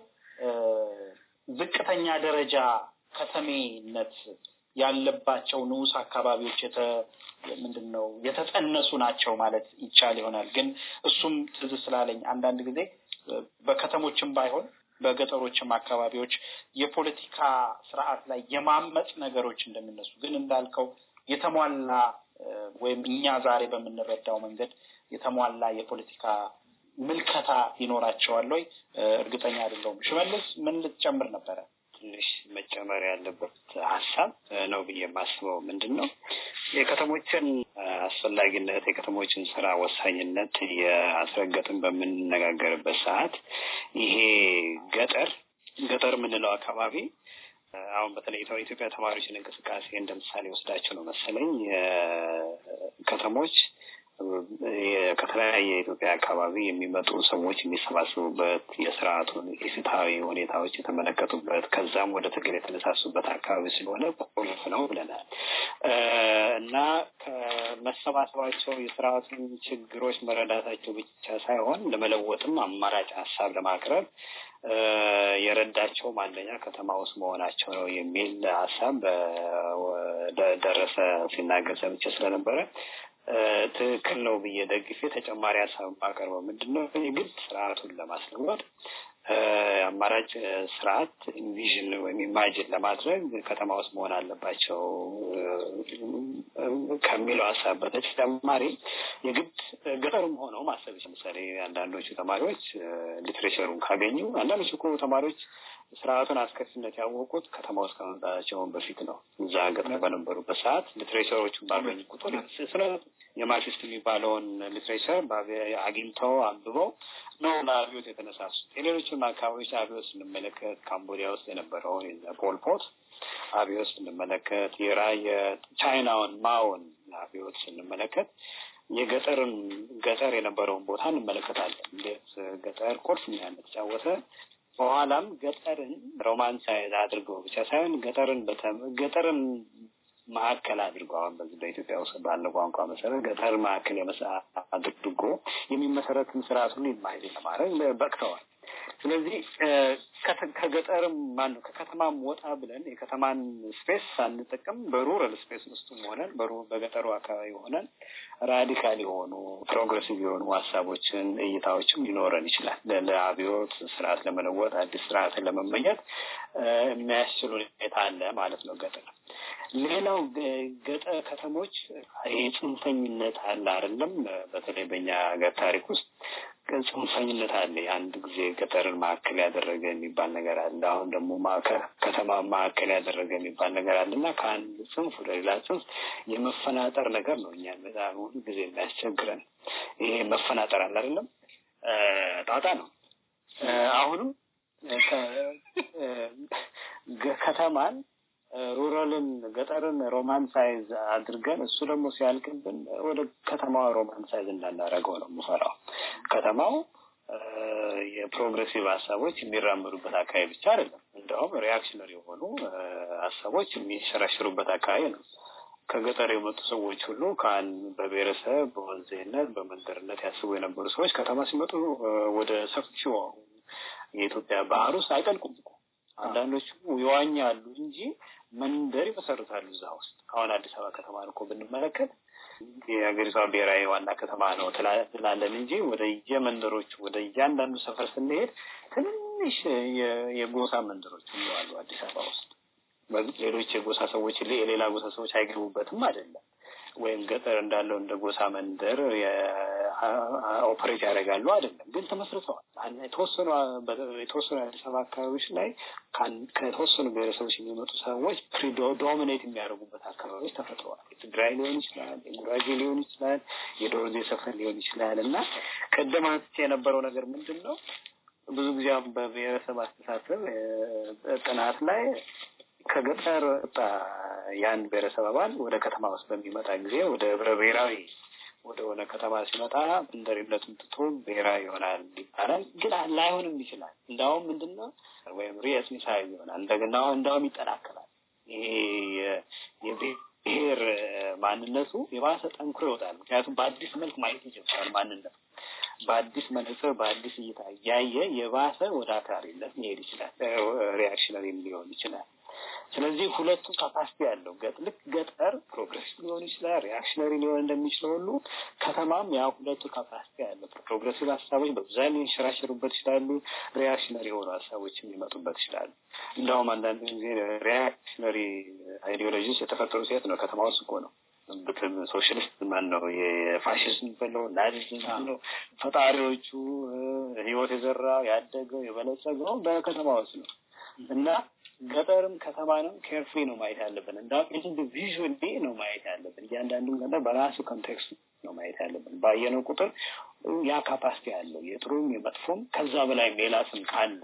Speaker 2: ዝቅተኛ ደረጃ ከተሜነት ያለባቸው ንዑስ አካባቢዎች ምንድን ነው የተጠነሱ ናቸው ማለት ይቻል ይሆናል። ግን እሱም ትዝ ስላለኝ አንዳንድ ጊዜ በከተሞችም ባይሆን በገጠሮችም አካባቢዎች የፖለቲካ ስርዓት ላይ የማመፅ ነገሮች እንደሚነሱ ግን እንዳልከው የተሟላ ወይም እኛ ዛሬ በምንረዳው መንገድ የተሟላ የፖለቲካ ምልከታ ይኖራቸዋል ወይ? እርግጠኛ
Speaker 3: አይደለሁም። ሽመልስ ምን ልትጨምር ነበረ? ትንሽ መጨመር ያለበት ሀሳብ ነው ብዬ የማስበው ምንድን ነው የከተሞችን አስፈላጊነት የከተሞችን ስራ ወሳኝነት የአስረገጥን በምንነጋገርበት ሰዓት ይሄ ገጠር ገጠር የምንለው አካባቢ አሁን በተለይ ኢትዮጵያ ተማሪዎችን እንቅስቃሴ እንደምሳሌ ወስዳቸው ነው መሰለኝ ከተሞች ከተለያየ የኢትዮጵያ አካባቢ የሚመጡ ሰዎች የሚሰባሰቡበት የስርዓቱን የፍትሐዊ ሁኔታዎች የተመለከቱበት ከዛም ወደ ትግል የተነሳሱበት አካባቢ ስለሆነ ቁልፍ ነው ብለናል እና ከመሰባሰባቸው የስርዓቱን ችግሮች መረዳታቸው ብቻ ሳይሆን ለመለወጥም አማራጭ ሀሳብ ለማቅረብ የረዳቸው አንደኛ ከተማ ውስጥ መሆናቸው ነው የሚል ሀሳብ ደረሰ ሲናገር ሰምቼ ስለነበረ ትክክል ነው ብዬ ደግፌ ተጨማሪ ሀሳብ ማቀርበው ምንድን ነው የግል ስርዓቱን ለማስለወጥ አማራጭ ስርዓት ኢንቪዥን ወይም ኢማጅን ለማድረግ ከተማ ውስጥ መሆን አለባቸው ከሚለው ሀሳብ በተጨማሪ የግድ ገጠርም ሆነው ማሰብ። ለምሳሌ አንዳንዶቹ ተማሪዎች ሊትሬቸሩን ካገኙ፣ አንዳንዶች እኮ ተማሪዎች ስርዓቱን አስከፊነት ያወቁት ከተማ ውስጥ ከመምጣታቸውን በፊት ነው። እዛ ገብተው በነበሩበት ሰዓት ሊትሬቸሮቹን ባገኙ ቁጥር ስለ የማርክሲስት የሚባለውን ሊትሬቸር አግኝተው አንብበው ነው ለአብዮት የተነሳሱት። የሌሎችም አካባቢዎች አብዮት ስንመለከት ካምቦዲያ ውስጥ የነበረውን ፖልፖት አብዮት ስንመለከት የራ የቻይናውን ማውን አብዮት ስንመለከት የገጠርን ገጠር የነበረውን ቦታ እንመለከታለን። እንዴት ገጠር ቁልፍ ሚና እንደተጫወተ በኋላም ገጠርን ሮማንስ አድርገው ብቻ ሳይሆን ገጠርን ገጠርን ማዕከል አድርጎ አሁን በዚህ በኢትዮጵያ ውስጥ ባለው ቋንቋ መሰረት ገጠር ማዕከል አድርጎ የሚመሰረትን ስርዓት ሁሉ የማይል ለማድረግ በቅተዋል። ስለዚህ ከገጠርም ማነው ከከተማም ወጣ ብለን የከተማን ስፔስ ሳንጠቀም በሩራል ስፔስ ውስጥም ሆነን በገጠሩ አካባቢ ሆነን ራዲካል የሆኑ ፕሮግረሲቭ የሆኑ ሀሳቦችን እይታዎችም ሊኖረን ይችላል። ለአብዮት ስርዓት ለመለወጥ አዲስ ስርዓትን ለመመኘት የሚያስችሉ ሁኔታ አለ ማለት ነው ገጠር። ሌላው ገጠር ከተሞች ይህ ጽንፈኝነት አለ አይደለም። በተለይ በኛ ሀገር ታሪክ ውስጥ ጽንፈኝነት አለ። አንድ ጊዜ ገጠርን ማዕከል ያደረገ የሚባል ነገር አለ። አሁን ደግሞ ከተማ ማዕከል ያደረገ የሚባል ነገር አለ እና ከአንድ ጽንፍ ወደ ሌላ ጽንፍ የመፈናጠር ነገር ነው። እኛ በጣም ሁሉ ጊዜ የሚያስቸግረን ይሄ መፈናጠር አለ አይደለም፣ ጣጣ ነው። አሁንም ከተማን ሩራልን ገጠርን ሮማንሳይዝ አድርገን እሱ ደግሞ ሲያልቅብን ወደ ከተማዋ ሮማንሳይዝ እንዳናደረገው ነው የምፈራው። ከተማው የፕሮግሬሲቭ ሀሳቦች የሚራመዱበት አካባቢ ብቻ አይደለም፣ እንደውም ሪያክሽነሪ የሆኑ ሀሳቦች የሚሸረሽሩበት አካባቢ ነው። ከገጠር የመጡ ሰዎች ሁሉ ከአን በብሔረሰብ በወንዜነት በመንደርነት ያስቡ የነበሩ ሰዎች ከተማ ሲመጡ ወደ ሰፊው የኢትዮጵያ ባህር ውስጥ አይጠልቁም። አንዳንዶቹ ይዋኛሉ እንጂ መንደር ይመሰርታሉ እዛ ውስጥ። አሁን አዲስ አበባ ከተማ እኮ ብንመለከት የሀገሪቷ ብሔራዊ ዋና ከተማ ነው ትላለን እንጂ ወደ የመንደሮቹ ወደ እያንዳንዱ ሰፈር ስንሄድ ትንሽ የጎሳ መንደሮች ይለዋሉ አዲስ አበባ ውስጥ። ሌሎች የጎሳ ሰዎች የሌላ ጎሳ ሰዎች አይገቡበትም አይደለም ወይም ገጠር እንዳለው እንደ ጎሳ መንደር ኦፕሬት ያደርጋሉ አይደለም፣ ግን ተመስርተዋል። የተወሰኑ አዲስ አበባ አካባቢዎች ላይ ከተወሰኑ ብሔረሰቦች የሚመጡ ሰዎች ፕሪዶሚኔት የሚያደርጉበት አካባቢዎች ተፈጥረዋል። የትግራይ ሊሆን ይችላል፣ የጉራጌ ሊሆን ይችላል፣ የዶሮዜ ሰፈር ሊሆን ይችላል እና ቅድም አንስቼ የነበረው ነገር ምንድን ነው? ብዙ ጊዜ በብሔረሰብ አስተሳሰብ ጥናት ላይ ከገጠር የአንድ ብሔረሰብ አባል ወደ ከተማ ውስጥ በሚመጣ ጊዜ ወደ ህብረ ብሔራዊ ወደ ሆነ ከተማ ሲመጣ መንደሪነቱን ትቶ ብሔራዊ ይሆናል ይባላል። ግን ላይሆንም ይችላል። እንዳውም ምንድነው ወይም ሪስሚሳዊ ይሆናል። እንደገና እንዳውም ይጠናከላል። ይሄ የብሔር ማንነቱ የባሰ ጠንክሮ ይወጣል። ምክንያቱም በአዲስ መልክ ማየት ይጀምራል። ማንነቱ በአዲስ መነጽር፣ በአዲስ እይታ እያየ የባሰ ወደ አክራሪነት መሄድ ይችላል። ሪያክሽነሪም ሊሆን ይችላል። ስለዚህ ሁለቱ ካፓሲቲ ያለው ገጥ ልክ ገጠር ፕሮግረሲቭ ሊሆን ይችላል፣ ሪያክሽነሪ ሊሆን እንደሚችለው ሁሉ ከተማም ያ ሁለቱ ካፓሲቲ ያለው ፕሮግረሲቭ ሀሳቦች በብዛ ሊንሸራሸሩበት ይችላሉ፣ ሪያክሽነሪ የሆኑ ሀሳቦችም ሊመጡበት ይችላሉ። እንደውም አንዳንድ ጊዜ ሪያክሽነሪ አይዲዮሎጂስ የተፈጠሩ ሴት ነው ከተማ ውስጥ እኮ ነው ሶሻሊስት ማን ነው የፋሽዝም ብለው ናዚዝም ብለው ፈጣሪዎቹ ህይወት የዘራው ያደገው የበለጸገው በከተማ ውስጥ ነው እና ገጠርም ከተማ ነው ኬርፍሪ ነው ማየት ያለብን። እንዳውም ኢንዲቪዥዋሊ ነው ማየት ያለብን። እያንዳንዱን ገጠር በራሱ ኮንቴክስት ነው ማየት ያለብን። ባየነው ቁጥር ያ ካፓሲቲ ያለው የጥሩም የመጥፎም ከዛ በላይ ሌላስም ካለ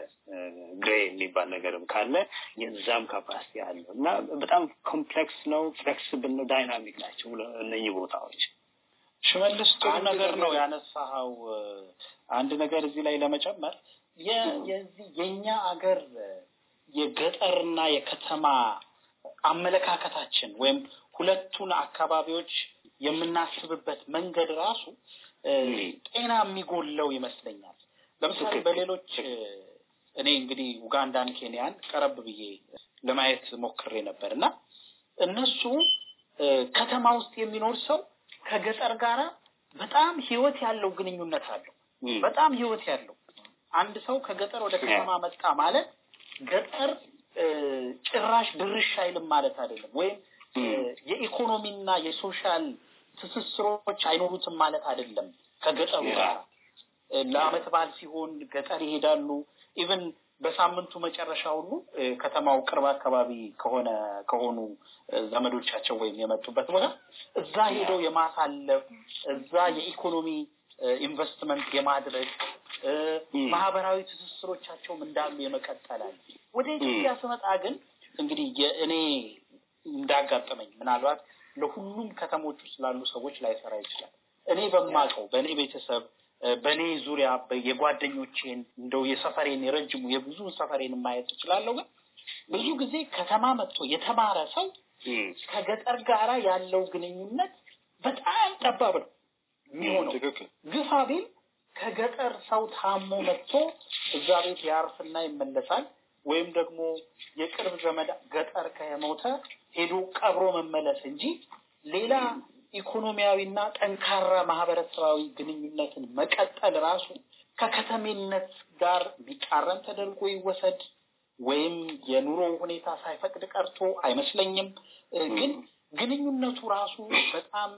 Speaker 3: ግሬ የሚባል ነገርም ካለ የዛም ካፓሲቲ አለው እና በጣም ኮምፕሌክስ ነው፣ ፍሌክስብል ነው፣ ዳይናሚክ ናቸው እነዚህ ቦታዎች። ሽመልስ ጥሩ ነገር
Speaker 2: ነው ያነሳኸው። አንድ ነገር እዚህ ላይ ለመጨመር የዚህ የእኛ አገር የገጠርና የከተማ አመለካከታችን ወይም ሁለቱን አካባቢዎች የምናስብበት መንገድ ራሱ ጤና የሚጎለው ይመስለኛል። ለምሳሌ በሌሎች እኔ እንግዲህ ኡጋንዳን፣ ኬንያን ቀረብ ብዬ ለማየት ሞክሬ ነበር እና እነሱ ከተማ ውስጥ የሚኖር ሰው ከገጠር ጋር በጣም ህይወት ያለው ግንኙነት አለው። በጣም ህይወት ያለው አንድ ሰው ከገጠር ወደ ከተማ መጣ ማለት ገጠር ጭራሽ ድርሽ አይልም ማለት አይደለም፣ ወይም
Speaker 4: የኢኮኖሚና
Speaker 2: የሶሻል ትስስሮች አይኖሩትም ማለት አይደለም።
Speaker 4: ከገጠሩ ጋር
Speaker 2: ለአመት በዓል ሲሆን ገጠር ይሄዳሉ። ኢቨን በሳምንቱ መጨረሻ ሁሉ ከተማው ቅርብ አካባቢ ከሆነ ከሆኑ ዘመዶቻቸው ወይም የመጡበት ቦታ እዛ ሄደው የማሳለፍ እዛ የኢኮኖሚ ኢንቨስትመንት የማድረግ ማህበራዊ ትስስሮቻቸውም እንዳሉ የመቀጠላል። ወደ ኢትዮጵያ ስመጣ ግን እንግዲህ እኔ እንዳጋጠመኝ ምናልባት ለሁሉም ከተሞች ውስጥ ላሉ ሰዎች ላይሰራ ይችላል። እኔ በማውቀው በእኔ ቤተሰብ በእኔ ዙሪያ የጓደኞቼን እንደው የሰፈሬን የረጅሙ የብዙ ሰፈሬን ማየት እችላለሁ። ግን ብዙ ጊዜ ከተማ መጥቶ የተማረ ሰው ከገጠር ጋራ ያለው ግንኙነት በጣም ጠባብ ነው። የሚሆነው። ግፋ ቢል ከገጠር ሰው ታሞ መጥቶ እዛ ቤት ያርፍና ይመለሳል። ወይም ደግሞ የቅርብ ዘመድ ገጠር ከሞተ ሄዶ ቀብሮ መመለስ እንጂ ሌላ ኢኮኖሚያዊና ጠንካራ ማህበረሰባዊ ግንኙነትን መቀጠል ራሱ ከከተሜነት ጋር ቢቃረን ተደርጎ ይወሰድ ወይም የኑሮ ሁኔታ ሳይፈቅድ ቀርቶ አይመስለኝም። ግን ግንኙነቱ ራሱ በጣም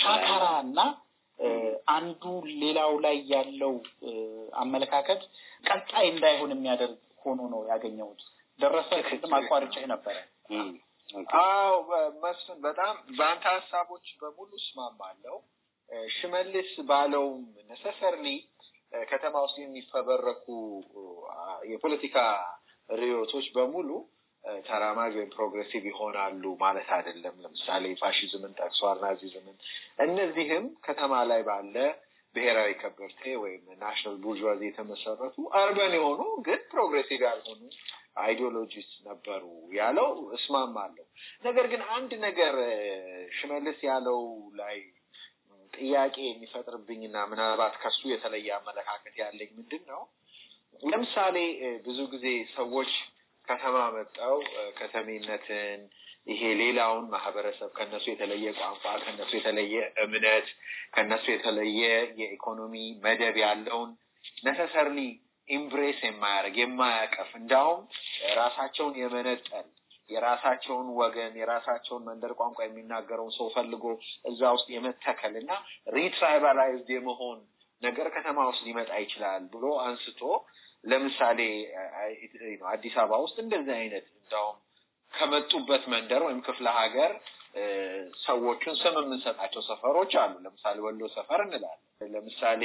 Speaker 2: ሻካራ እና አንዱ ሌላው ላይ ያለው አመለካከት ቀጣይ እንዳይሆን የሚያደርግ ሆኖ ነው ያገኘሁት። ደረሰ ቅድም አቋርጬህ ነበረ።
Speaker 5: አዎ መስፍን፣ በጣም በአንተ ሀሳቦች በሙሉ እስማማለሁ። ሽመልስ ባለውም ነሰሰርሊ ከተማ ውስጥ የሚፈበረኩ የፖለቲካ ርዕዮቶች በሙሉ ተራማጅ ወይም ፕሮግሬሲቭ ይሆናሉ ማለት አይደለም። ለምሳሌ ፋሽዝምን ጠቅሷል፣ ናዚዝምን። እነዚህም ከተማ ላይ ባለ ብሔራዊ ከበርቴ ወይም ናሽናል ቡርዥዋዚ የተመሰረቱ አርበን የሆኑ ግን ፕሮግሬሲቭ ያልሆኑ አይዲዮሎጂስ ነበሩ ያለው እስማማለሁ። ነገር ግን አንድ ነገር ሽመልስ ያለው ላይ ጥያቄ የሚፈጥርብኝና ምናልባት ከሱ የተለየ አመለካከት ያለኝ ምንድን ነው ለምሳሌ ብዙ ጊዜ ሰዎች ከተማ መጣው ከተሜነትን ይሄ ሌላውን ማህበረሰብ ከነሱ የተለየ ቋንቋ፣ ከነሱ የተለየ እምነት፣ ከነሱ የተለየ የኢኮኖሚ መደብ ያለውን ነሰሰርሊ ኢምብሬስ የማያደርግ የማያቀፍ እንዳውም ራሳቸውን የመነጠል የራሳቸውን ወገን የራሳቸውን መንደር ቋንቋ የሚናገረውን ሰው ፈልጎ እዛ ውስጥ የመተከል እና ሪትራይባላይዝድ የመሆን ነገር ከተማ ውስጥ ሊመጣ ይችላል ብሎ አንስቶ ለምሳሌ አዲስ አበባ ውስጥ እንደዚህ አይነት እንዲያውም ከመጡበት መንደር ወይም ክፍለ ሀገር ሰዎቹን ስም የምንሰጣቸው ሰፈሮች አሉ። ለምሳሌ ወሎ ሰፈር እንላለን። ለምሳሌ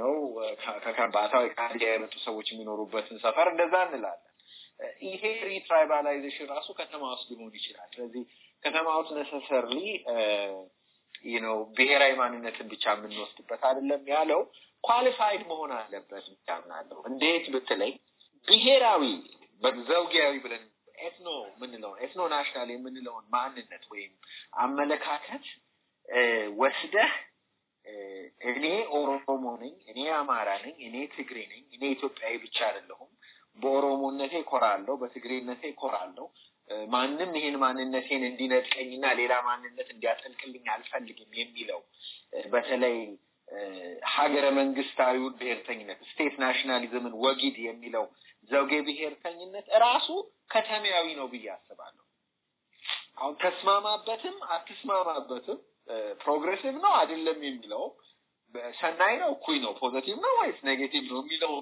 Speaker 5: ነው ከከምባታ ወይ ከሀዲያ የመጡ ሰዎች የሚኖሩበትን ሰፈር እንደዛ እንላለን። ይሄ ሪትራይባላይዜሽን ራሱ ከተማ ውስጥ ሊሆን ይችላል። ስለዚህ ከተማ ውስጥ ነሰሰርሊ ነው ብሔራዊ ማንነትን ብቻ የምንወስድበት አይደለም ያለው ኳሊፋይድ መሆን አለበት ያምናለሁ። እንዴት ብትለይ ብሔራዊ ዘውጊያዊ ብለን ኤትኖ የምንለውን ኤትኖ ናሽናል የምንለውን ማንነት ወይም አመለካከት ወስደህ እኔ ኦሮሞ ነኝ፣ እኔ አማራ ነኝ፣ እኔ ትግሬ ነኝ፣ እኔ ኢትዮጵያዊ ብቻ አይደለሁም፣ በኦሮሞነቴ እኮራለሁ፣ በትግሬነቴ እኮራለሁ፣ ማንም ይህን ማንነቴን እንዲነጥቀኝና ሌላ ማንነት እንዲያጠልቅልኝ አልፈልግም የሚለው በተለይ ሀገረ መንግስታዊውን ብሔርተኝነት ስቴት ናሽናሊዝምን ወጊድ የሚለው ዘውጌ ብሔርተኝነት እራሱ ከተማያዊ ነው ብዬ አስባለሁ። አሁን ተስማማበትም አትስማማበትም ፕሮግሬሲቭ ነው አይደለም የሚለው ሰናይ ነው ኩይ ነው ፖዘቲቭ ነው ወይስ ኔጌቲቭ ነው የሚለው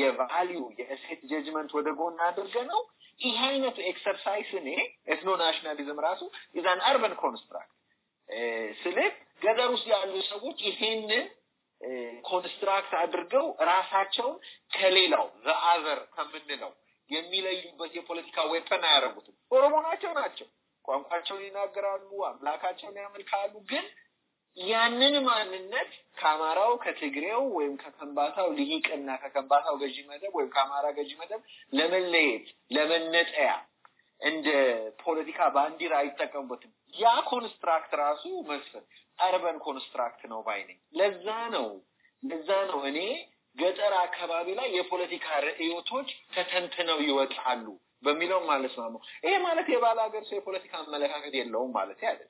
Speaker 5: የቫሊዩ የእሴት ጀጅመንት ወደ ጎን አድርገ ነው ይህ አይነቱ ኤክሰርሳይስ እኔ ኤትኖ ናሽናሊዝም ራሱ ኢዛን አርበን ኮንስትራክት ስልክ ገጠር ውስጥ ያሉ ሰዎች ይሄንን ኮንስትራክት አድርገው ራሳቸውን ከሌላው ዘአዘር ከምንለው የሚለዩበት የፖለቲካ ዌፐን አያደረጉትም። ኦሮሞ ናቸው ናቸው፣ ቋንቋቸውን ይናገራሉ፣ አምላካቸውን ያመልካሉ። ግን ያንን ማንነት ከአማራው ከትግሬው ወይም ከከንባታው ልሂቅና ከከንባታው ገዢ መደብ ወይም ከአማራ ገዢ መደብ ለመለየት ለመነጠያ እንደ ፖለቲካ ባንዲራ አይጠቀሙበትም። ያ ኮንስትራክት ራሱ መስፍን አርበን ኮንስትራክት ነው ባይ ለዛ ነው ለዛ ነው እኔ ገጠር አካባቢ ላይ የፖለቲካ ርዕዮቶች ተተንትነው ይወጣሉ በሚለው ማለት ነው። ይሄ ማለት የባለ ሀገር ሰው የፖለቲካ አመለካከት የለውም ማለት አይደለም።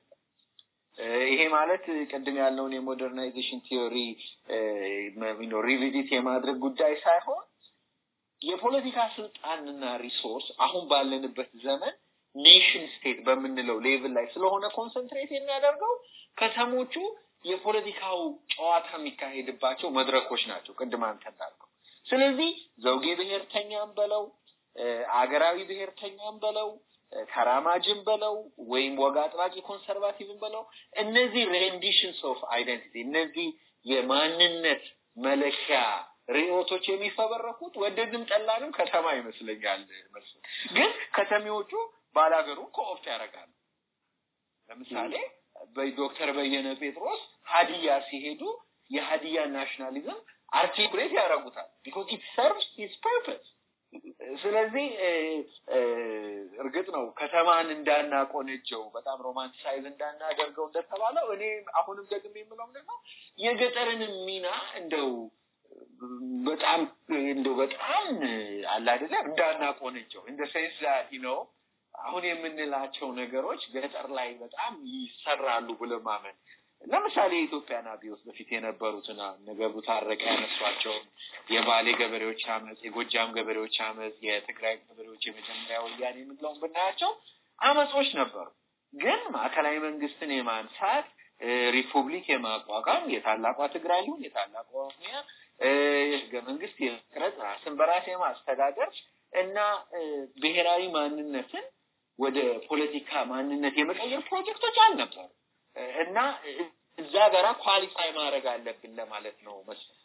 Speaker 5: ይሄ ማለት ቅድም ያለውን የሞደርናይዜሽን ቲዮሪ ሪቪዚት የማድረግ ጉዳይ ሳይሆን የፖለቲካ ስልጣንና ሪሶርስ አሁን ባለንበት ዘመን ኔሽን ስቴት በምንለው ሌቭል ላይ ስለሆነ ኮንሰንትሬት የሚያደርገው ከተሞቹ የፖለቲካው ጨዋታ የሚካሄድባቸው መድረኮች ናቸው። ቅድም አንተ እንዳልከው። ስለዚህ ዘውጌ ብሔርተኛም በለው አገራዊ ብሔርተኛም በለው ተራማጅን በለው ወይም ወጋ አጥባቂ ኮንሰርቫቲቭን በለው እነዚህ ሬንዲሽንስ ኦፍ አይደንቲቲ እነዚህ የማንነት መለኪያ ርዕዮቶች የሚፈበረኩት ወደድም ጠላንም ከተማ ይመስለኛል። ግን ከተሜዎቹ ባላገሩ ኮኦፕት ያደርጋሉ። ለምሳሌ ዶክተር በየነ ጴጥሮስ ሀዲያ ሲሄዱ የሀዲያ ናሽናሊዝም አርቲኩሌት ያደርጉታል ቢኮዝ ኢት ሰርቭስ ኢትስ ፐርፐስ። ስለዚህ እርግጥ ነው ከተማን እንዳናቆነጀው በጣም ሮማንቲሳይዝ እንዳናደርገው እንደተባለው እኔ አሁንም ደግሜ የምለው ምንድን ነው የገጠርን ሚና እንደው በጣም እንደው በጣም አለ አይደለ እንዳናቆነጀው ኢን ሴንስ ዛት ነው አሁን የምንላቸው ነገሮች ገጠር ላይ በጣም ይሰራሉ ብሎ ማመን ለምሳሌ የኢትዮጵያን አብዮት በፊት የነበሩትና ነገሩ ታረቀ ያነሷቸውን የባሌ ገበሬዎች አመፅ፣ የጎጃም ገበሬዎች አመፅ፣ የትግራይ ገበሬዎች የመጀመሪያ ወያኔ የምንለውን ብናያቸው አመፆች ነበሩ። ግን ማዕከላዊ መንግስትን የማንሳት ሪፑብሊክ የማቋቋም የታላቋ ትግራይ ይሁን የታላቋ ኦሮሚያ ህገ መንግስት የመቅረጽ ራስን በራስ የማስተዳደር እና ብሔራዊ ማንነትን ወደ ፖለቲካ ማንነት የመቀየር ፕሮጀክቶች አልነበሩ እና እዛ ጋራ ኳሊፋይ ማድረግ አለብን ለማለት ነው መስሎኝ።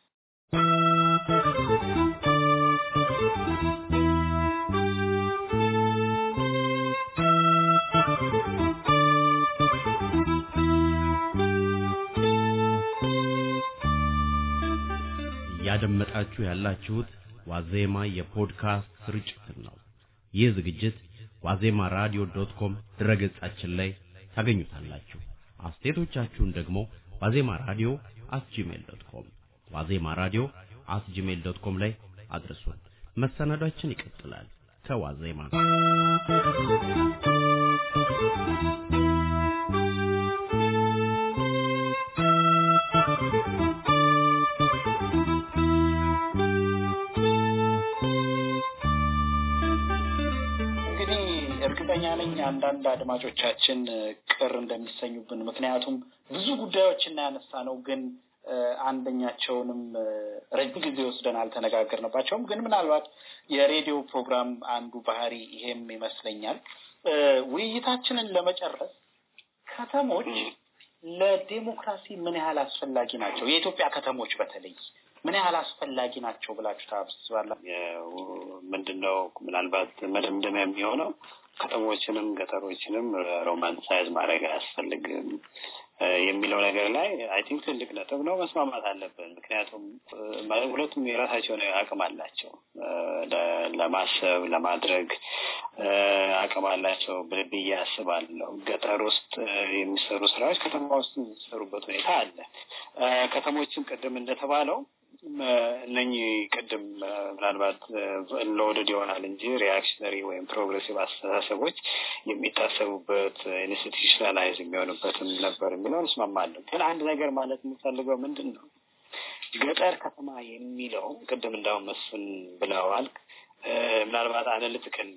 Speaker 1: እያደመጣችሁ ያላችሁት ዋዜማ የፖድካስት ስርጭትን ነው። ይህ ዝግጅት ዋዜማ ራዲዮ ዶት ኮም ድረገጻችን ላይ ታገኙታላችሁ። አስተያየቶቻችሁን ደግሞ ዋዜማ ራዲዮ አት ጂሜል ዶት ኮም ዋዜማ ራዲዮ አት ጂሜል ዶት ኮም ላይ አድርሱን። መሰናዷችን ይቀጥላል። ከዋዜማ
Speaker 2: አንዳንድ አድማጮቻችን ቅር እንደሚሰኙብን ምክንያቱም ብዙ ጉዳዮች እናያነሳ ነው ግን አንደኛቸውንም ረጅም ጊዜ ወስደን አልተነጋገርንባቸውም። ግን ምናልባት የሬዲዮ ፕሮግራም አንዱ ባህሪ ይሄም ይመስለኛል። ውይይታችንን ለመጨረስ ከተሞች ለዴሞክራሲ ምን ያህል አስፈላጊ ናቸው? የኢትዮጵያ ከተሞች በተለይ
Speaker 3: ምን ያህል አስፈላጊ ናቸው ብላችሁ ታስባላችሁ? ምንድነው ምናልባት መደምደሚያ የሚሆነው ከተሞችንም ገጠሮችንም ሮማንሳይዝ ማድረግ አያስፈልግም የሚለው ነገር ላይ አይ ቲንክ ትልቅ ነጥብ ነው፣ መስማማት አለብን። ምክንያቱም ሁለቱም የራሳቸው አቅም አላቸው፣ ለማሰብ ለማድረግ አቅም አላቸው ብዬ አስባለሁ። ገጠር ውስጥ የሚሰሩ ስራዎች ከተማ ውስጥ የሚሰሩበት ሁኔታ አለ። ከተሞችም ቅድም እንደተባለው እነኚህ ቅድም ምናልባት ለወደድ ይሆናል እንጂ ሪያክሽነሪ ወይም ፕሮግሬሲቭ አስተሳሰቦች የሚታሰቡበት ኢንስቲቱሽናላይዝ የሚሆንበትም ነበር የሚለውን እስማማለሁ። ግን አንድ ነገር ማለት የምፈልገው ምንድን ነው ገጠር ከተማ የሚለው ቅድም እንዳሁን መስፍን ብለዋል። ምናልባት አናሊቲካል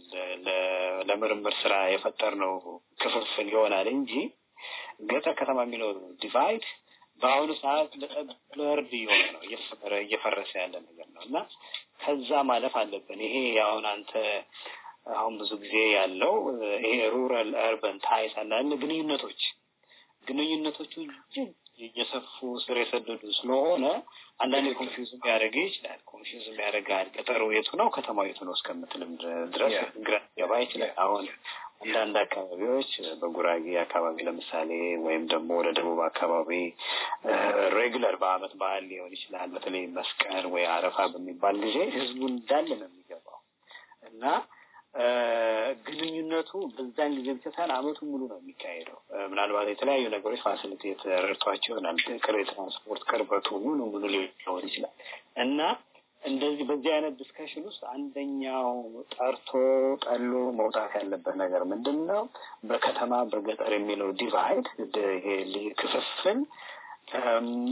Speaker 3: ለምርምር ስራ የፈጠርነው ክፍፍል ይሆናል እንጂ ገጠር ከተማ የሚለው ዲቫይድ በአሁኑ ሰዓት ለእርድ እየሆነ ነው እየፈረሰ ያለ ነገር ነው እና ከዛ ማለፍ አለብን። ይሄ አሁን አንተ አሁን ብዙ ጊዜ ያለው ይሄ ሩራል አርበን ታይስ አላለ ግንኙነቶች ግንኙነቶቹ እጅግ እየሰፉ ስር የሰደዱ ስለሆነ አንዳንድ ኮንፊዝ ሊያደርግ ይችላል። ኮንፊዝ ሊያደርጋል። ገጠሩ የቱ ነው ከተማ የቱ ነው እስከምትልም ድረስ ግራ ገባ ይችላል። አሁን አንዳንድ አካባቢዎች በጉራጌ አካባቢ ለምሳሌ ወይም ደግሞ ወደ ደቡብ አካባቢ ሬጉለር በዓመት በዓል ሊሆን ይችላል። በተለይ መስቀል ወይ አረፋ በሚባል ጊዜ ህዝቡ እንዳለ ነው የሚገባው እና ግንኙነቱ በዛን ጊዜ ብቻ ሳይሆን አመቱ ሙሉ ነው የሚካሄደው። ምናልባት የተለያዩ ነገሮች ፋሲሊቴት ረድቷቸው ይሆናል። የትራንስፖርት ቅርበቱ ሙሉ ሙሉ ሊሆን ይችላል እና እንደዚህ በዚህ አይነት ዲስከሽን ውስጥ አንደኛው ጠርቶ ጠሎ መውጣት ያለበት ነገር ምንድን ነው? በከተማ በገጠር የሚለው ዲቫይድ ክፍፍል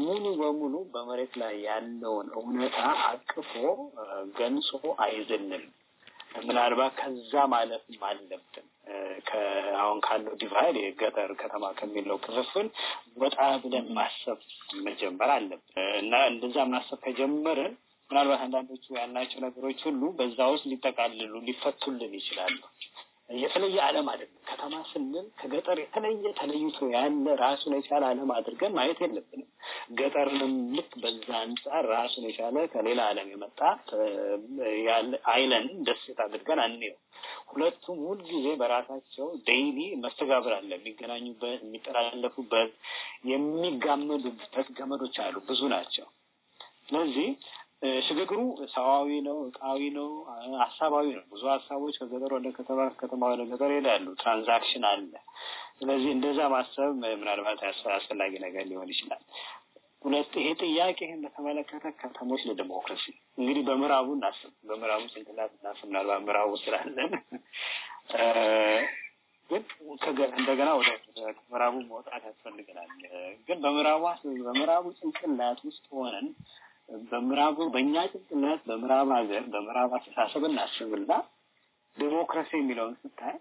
Speaker 3: ሙሉ በሙሉ በመሬት ላይ ያለውን እውነታ አቅፎ ገንሶ አይዝንም። ምናልባት ከዛ ማለት አለብን። አሁን ካለው ዲቫይድ የገጠር ከተማ ከሚለው ክፍፍል ወጣ ብለን ማሰብ መጀመር አለብን እና እንደዛ ማሰብ ከጀመርን ምናልባት አንዳንዶቹ ያልናቸው ነገሮች ሁሉ በዛ ውስጥ ሊጠቃልሉ ሊፈቱልን ይችላሉ። የተለየ ዓለም አይደለም። ከተማ ስንል ከገጠር የተለየ ተለይቶ ያለ ራሱን የቻለ ዓለም አድርገን ማየት የለብንም። ገጠርንም ልክ በዛ አንጻር ራሱን የቻለ ከሌላ ዓለም የመጣ አይለን ደሴት አድርገን አንየው። ሁለቱም ሁልጊዜ በራሳቸው ዴይሊ መስተጋብር አለ። የሚገናኙበት፣ የሚጠላለፉበት፣ የሚጋመዱበት ገመዶች አሉ፣ ብዙ ናቸው። ስለዚህ ሽግግሩ ሰዋዊ ነው፣ እቃዊ ነው፣ ሀሳባዊ ነው። ብዙ ሀሳቦች ከገጠር ወደ ከተማ፣ ከተማ ወደ ገጠር ይሄዳሉ። ትራንዛክሽን አለ። ስለዚህ እንደዛ ማሰብ ምናልባት አስፈላጊ ነገር ሊሆን ይችላል። ሁለት ይሄ ጥያቄህን በተመለከተ ከተሞች ለዲሞክራሲ እንግዲህ በምዕራቡ እናስብ፣ በምዕራቡ ስንትላት እናስብ። ምናልባት ምዕራቡ ስላለን ግን እንደገና ወደ ምዕራቡ መውጣት ያስፈልገናል። ግን በምዕራቡ በምዕራቡ ጭንቅላት ውስጥ ሆነን በምዕራቡ በእኛ ጭንቅላት በምዕራብ ሀገር በምዕራብ አስተሳሰብ እናስብና ዲሞክራሲ የሚለውን ስታይ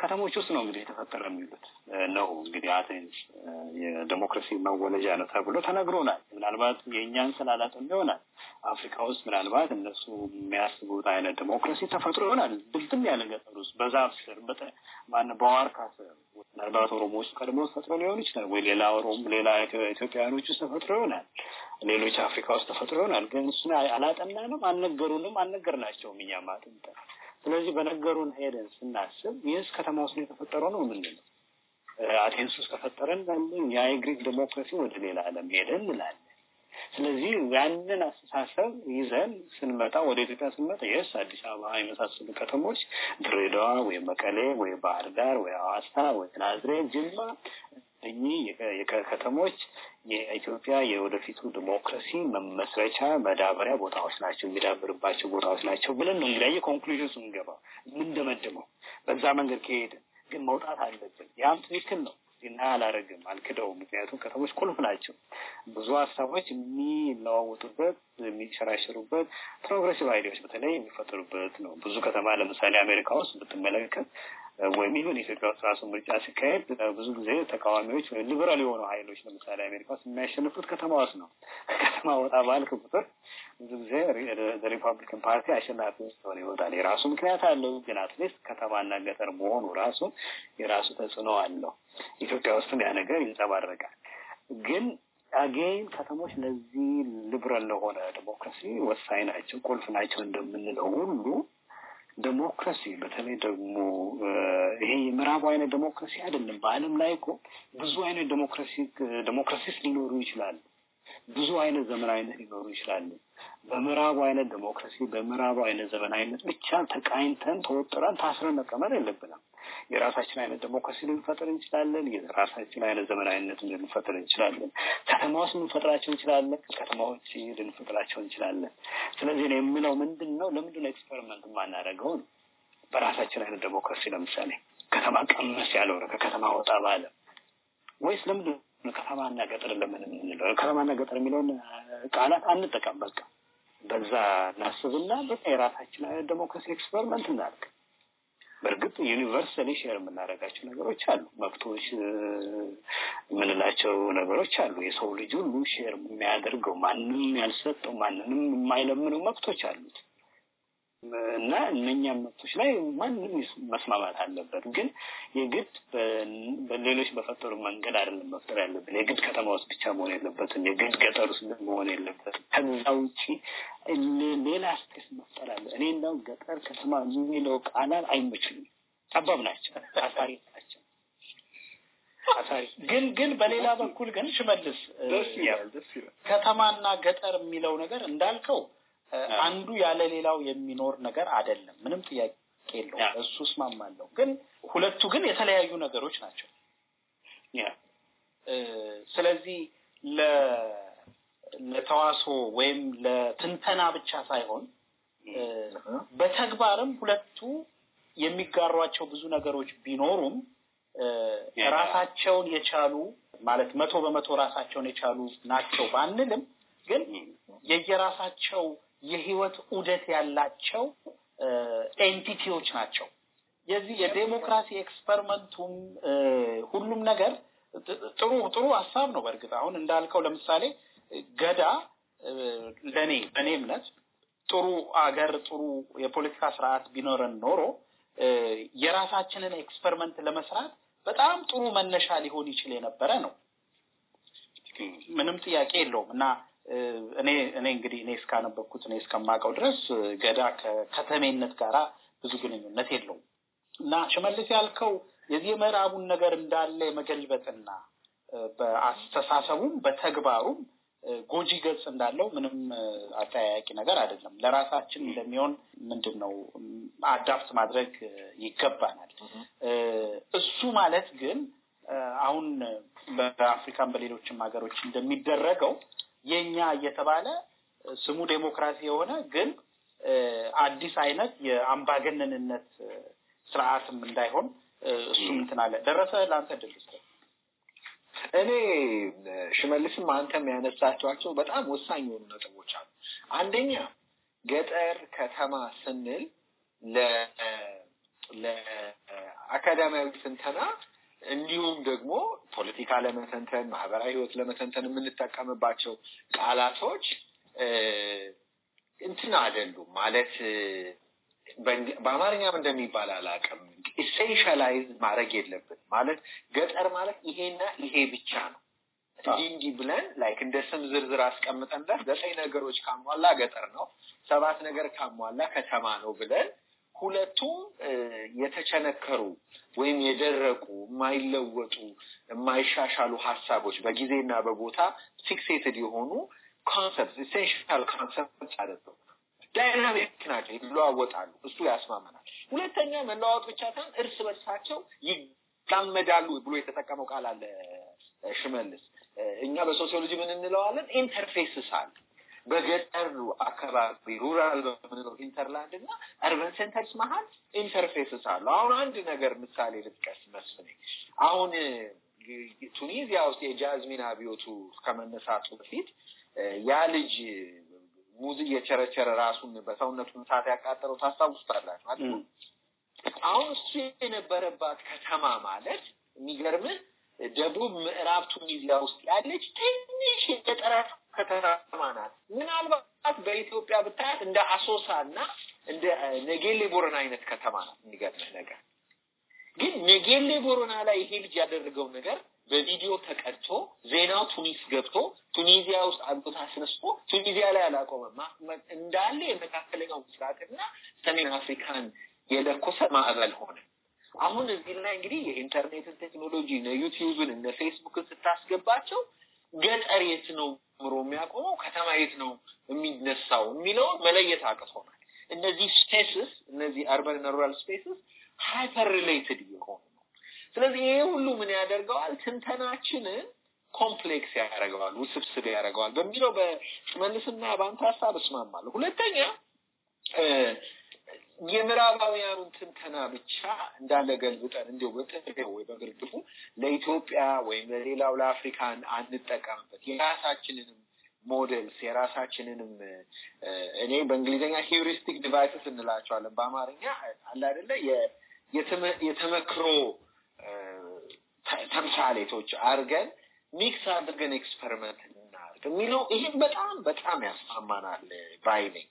Speaker 3: ከተሞች ውስጥ ነው እንግዲህ የተፈጠረ የሚሉት ነው። እንግዲህ አቴንስ የዴሞክራሲ መወለጃ ነው ተብሎ ተነግሮናል። ምናልባት የእኛን ስላላጠኑ ይሆናል። አፍሪካ ውስጥ ምናልባት እነሱ የሚያስቡት አይነት ዴሞክራሲ ተፈጥሮ ይሆናል። ብልጥም ያለ ገጠር ውስጥ በዛፍ ስር ማነው በዋርካ ስር ምናልባት ኦሮሞ ውስጥ ቀድሞ ተፈጥሮ ሊሆን ይችላል ወይ ሌላ ኦሮሞ ሌላ ኢትዮጵያውያኖች ውስጥ ተፈጥሮ ይሆናል። ሌሎች አፍሪካ ውስጥ ተፈጥሮ ይሆናል። ግን እሱን አላጠናንም፣ አልነገሩንም፣ አልነገርናቸውም እኛ አጥንተን ስለዚህ በነገሩን ሄደን ስናስብ ይህስ ከተማ ውስጥ የተፈጠረው ነው ምን ነው? አቴንስ ውስጥ ተፈጠረ እንላለን። የግሪክ ዴሞክራሲ ወደ ሌላ ዓለም ሄደ እንላለን። ስለዚህ ያንን አስተሳሰብ ይዘን ስንመጣ ወደ ኢትዮጵያ ስንመጣ የስ አዲስ አበባ የመሳሰሉ ከተሞች፣ ድሬዳዋ ወይ መቀሌ ወይ ባህር ዳር ወይ አዋሳ ወይ ናዝሬት፣ ጅማ እኚህ ከተሞች የኢትዮጵያ የወደፊቱ ዲሞክራሲ መመስረቻ መዳበሪያ ቦታዎች ናቸው፣ የሚዳብርባቸው ቦታዎች ናቸው ብለን ነው እንግዲህ የኮንክሉዥን ስንገባ የምንደመድመው በዛ መንገድ ከሄድን ግን መውጣት አለብን። ያም ትክክል ነው እና አላረግም አልክደው። ምክንያቱም ከተሞች ቁልፍ ናቸው። ብዙ ሀሳቦች የሚለዋወጡበት የሚሸራሸሩበት፣ ፕሮግሬሲቭ አይዲያዎች በተለይ የሚፈጠሩበት ነው። ብዙ ከተማ ለምሳሌ አሜሪካ ውስጥ ብትመለከት ወይም ይሁን የኢትዮጵያ ውስጥ ራሱ ምርጫ ሲካሄድ ብዙ ጊዜ ተቃዋሚዎች ሊበራል የሆኑ ሀይሎች ለምሳሌ አሜሪካ ውስጥ የሚያሸንፉት ከተማ ውስጥ ነው። ከተማ ወጣ ባልክ ቁጥር ብዙ ጊዜ ሪፐብሊካን ፓርቲ አሸናፊ ውስጥ ሆነ ይወጣል። የራሱ ምክንያት አለው፣ ግን አትሊስት ከተማና ገጠር መሆኑ ራሱ የራሱ ተጽዕኖ አለው። ኢትዮጵያ ውስጥም ያ ነገር ይንጸባረቃል። ግን አጌን ከተሞች ለዚህ ሊብራል ለሆነ ዲሞክራሲ ወሳኝ ናቸው፣ ቁልፍ ናቸው እንደምንለው ሁሉ ዴሞክራሲ በተለይ ደግሞ ይሄ የምዕራቡ አይነት ዴሞክራሲ አይደለም። በዓለም ላይ እኮ ብዙ አይነት ዴሞክራሲ ዴሞክራሲስ ሊኖሩ ይችላሉ። ብዙ አይነት ዘመናዊነት ሊኖሩ ይችላሉ። በምዕራቡ አይነት ዴሞክራሲ፣ በምዕራቡ አይነት አይነት ብቻ ተቃኝተን ተወጥረን ታስረን መቀመጥ የለብንም። የራሳችን አይነት ዴሞክራሲ ልንፈጥር እንችላለን። የራሳችን አይነት ዘመናዊነት ልንፈጥር እንችላለን። ከተማ ውስጥ ልንፈጥራቸው እንችላለን። ከተማ ውጭ ልንፈጥራቸው እንችላለን። ስለዚህ ነው የምለው ምንድን ነው ለምንድን ነው ኤክስፐሪመንት የማናደርገው በራሳችን አይነት ዴሞክራሲ ለምሳሌ ከተማ ቀመስ ያለው ከከተማ ወጣ ባለ ወይስ ለምንድን ከተማና ገጠር ለምን የምንለው? ከተማና ገጠር የሚለውን ቃላት አንጠቀም። በቃ በዛ እናስብና በቃ የራሳችን አይነት ዴሞክራሲ ኤክስፐሪመንት እናርግ። በእርግጥ ዩኒቨርሳሊ ሼር የምናደርጋቸው ነገሮች አሉ። መብቶች የምንላቸው ነገሮች አሉ። የሰው ልጅ ሁሉ ሼር የሚያደርገው ማንም ያልሰጠው ማንንም የማይለምነው መብቶች አሉት። እና እነኛ መብቶች ላይ ማንም መስማማት አለበት። ግን የግድ በሌሎች በፈጠሩ መንገድ አይደለም መፍጠር ያለብን። የግድ ከተማ ውስጥ ብቻ መሆን የለበትም። የግድ ገጠር ውስጥ መሆን የለበትም። ከዛ ውጭ ሌላ ስፔስ መፍጠር አለ። እኔ እንደው ገጠር ከተማ የሚለው ቃላት አይመችም። ጠባብ ናቸው፣ አሳሪ ናቸው። ግን ግን በሌላ በኩል ግን ሽመልስ
Speaker 2: ከተማና ገጠር የሚለው ነገር እንዳልከው አንዱ ያለ ሌላው የሚኖር ነገር አይደለም። ምንም ጥያቄ የለው። እሱ እስማማለሁ። ግን ሁለቱ ግን የተለያዩ ነገሮች ናቸው። ስለዚህ ለተዋሶ ወይም ለትንተና ብቻ ሳይሆን በተግባርም ሁለቱ የሚጋሯቸው ብዙ ነገሮች ቢኖሩም ራሳቸውን የቻሉ ማለት መቶ በመቶ ራሳቸውን የቻሉ ናቸው ባንልም ግን የየራሳቸው የህይወት ዑደት ያላቸው ኤንቲቲዎች ናቸው። የዚህ የዴሞክራሲ ኤክስፐሪመንቱም ሁሉም ነገር ጥሩ ጥሩ ሀሳብ ነው። በእርግጥ አሁን እንዳልከው ለምሳሌ ገዳ ለእኔ በእኔ እምነት ጥሩ አገር ጥሩ የፖለቲካ ስርዓት ቢኖረን ኖሮ የራሳችንን ኤክስፐሪመንት ለመስራት በጣም ጥሩ መነሻ ሊሆን ይችል የነበረ ነው። ምንም ጥያቄ የለውም እና እኔ እኔ እንግዲህ እኔ እስካነበኩት እኔ እስከማውቀው ድረስ ገዳ ከከተሜነት ጋራ ብዙ ግንኙነት የለውም እና ሽመልስ ያልከው የዚህ የምዕራቡን ነገር እንዳለ የመገልበጥና በአስተሳሰቡም በተግባሩም ጎጂ ገጽ እንዳለው ምንም አጠያያቂ ነገር አይደለም። ለራሳችን እንደሚሆን ምንድን ነው አዳፕት ማድረግ ይገባናል። እሱ ማለት ግን አሁን በአፍሪካን በሌሎችም ሀገሮች እንደሚደረገው የኛ እየተባለ ስሙ ዴሞክራሲ የሆነ ግን አዲስ አይነት የአምባገነንነት ስርዓትም እንዳይሆን እሱ እንትን አለ። ደረሰ
Speaker 5: ለአንተ ድል እኔ ሽመልስም አንተም ያነሳቸዋቸው በጣም ወሳኝ የሆኑ ነጥቦች አሉ። አንደኛ ገጠር ከተማ ስንል ለአካዳሚያዊ ስንተና እንዲሁም ደግሞ ፖለቲካ ለመተንተን ማህበራዊ ህይወት ለመተንተን የምንጠቀምባቸው ቃላቶች እንትን አይደሉም ማለት በአማርኛም እንደሚባል አላውቅም። ኢሴንሻላይዝ ማድረግ የለብን ማለት ገጠር ማለት ይሄና ይሄ ብቻ ነው እንዲህ እንዲህ ብለን ላይክ እንደ ስም ዝርዝር አስቀምጠንለት ዘጠኝ ነገሮች ካሟላ ገጠር ነው፣ ሰባት ነገር ካሟላ ከተማ ነው ብለን ሁለቱም የተቸነከሩ ወይም የደረቁ የማይለወጡ የማይሻሻሉ ሀሳቦች በጊዜና በቦታ ፊክሴትድ የሆኑ ኮንሰፕት ኢሴንሽል ኮንሰፕት አደረው ዳይናሚክ ናቸው፣ ይለዋወጣሉ። እሱ ያስማመናል። ሁለተኛ መለዋወጥ ብቻ ሳይሆን እርስ በርሳቸው ይጋመዳሉ ብሎ የተጠቀመው ቃል አለ ሽመልስ። እኛ በሶሲዮሎጂ ምን እንለዋለን? ኢንተርፌስስ አለ በገጠር አካባቢ ሩራል በምንለው ኢንተርላንድ እና አርበን ሴንተርስ መሀል ኢንተርፌስስ አሉ። አሁን አንድ ነገር ምሳሌ ልጥቀስ መስፍኔ። አሁን ቱኒዚያ ውስጥ የጃዝሚን አብዮቱ ከመነሳቱ በፊት ያ ልጅ ሙዝ እየቸረቸረ ራሱን በሰውነቱን እሳት ያቃጠለው ታስታውሱታላችሁ። አሁን እሱ የነበረባት ከተማ ማለት የሚገርምህ ደቡብ ምዕራብ ቱኒዚያ ውስጥ ያለች ትንሽ የገጠር ከተማ ናት። ምናልባት በኢትዮጵያ ብታያት እንደ አሶሳ እና እንደ ነጌሌ ቦረና አይነት ከተማ ናት። የሚገርምህ ነገር ግን ነጌሌ ቦረና ላይ ይሄ ልጅ ያደረገው ነገር በቪዲዮ ተቀድቶ ዜናው ቱኒስ ገብቶ ቱኒዚያ ውስጥ አጎት አስነስቶ ቱኒዚያ ላይ አላቆመም። እንዳለ የመካከለኛው ምስራቅና ሰሜን አፍሪካን የለኮሰ ማዕበል ሆነ። አሁን እዚህ ላይ እንግዲህ የኢንተርኔትን ቴክኖሎጂ እነ ዩቲዩብን እነ ፌስቡክን ስታስገባቸው ገጠር የት ነው ምሮ የሚያቆመው ከተማ የት ነው የሚነሳው የሚለውን መለየት አቅሶናል እነዚህ ስፔስስ እነዚህ አርበንና ሩራል ስፔስስ ሃይፐር ሪሌትድ እየሆኑ ነው። ስለዚህ ይሄ ሁሉ ምን ያደርገዋል? ትንተናችንን ኮምፕሌክስ ያደረገዋል ውስብስብ ያደረገዋል በሚለው በመልስና በአንተ ሀሳብ እስማማለሁ። ሁለተኛ የምዕራባውያኑን ትንተና ብቻ እንዳለ ገልብጠን እንዲሁ በጥሬው ወይ በግርድፉ ለኢትዮጵያ ወይም ለሌላው ለአፍሪካን አንጠቀምበት። የራሳችንንም ሞዴልስ የራሳችንንም እኔ በእንግሊዝኛ ሂሪስቲክ ዲቫይስስ እንላቸዋለን። በአማርኛ አለ አይደለ የተመክሮ ተምሳሌቶች አድርገን ሚክስ አድርገን ኤክስፐሪመንት እናርግ የሚለው ይህም በጣም በጣም ያስማማናል ባይ ነኝ።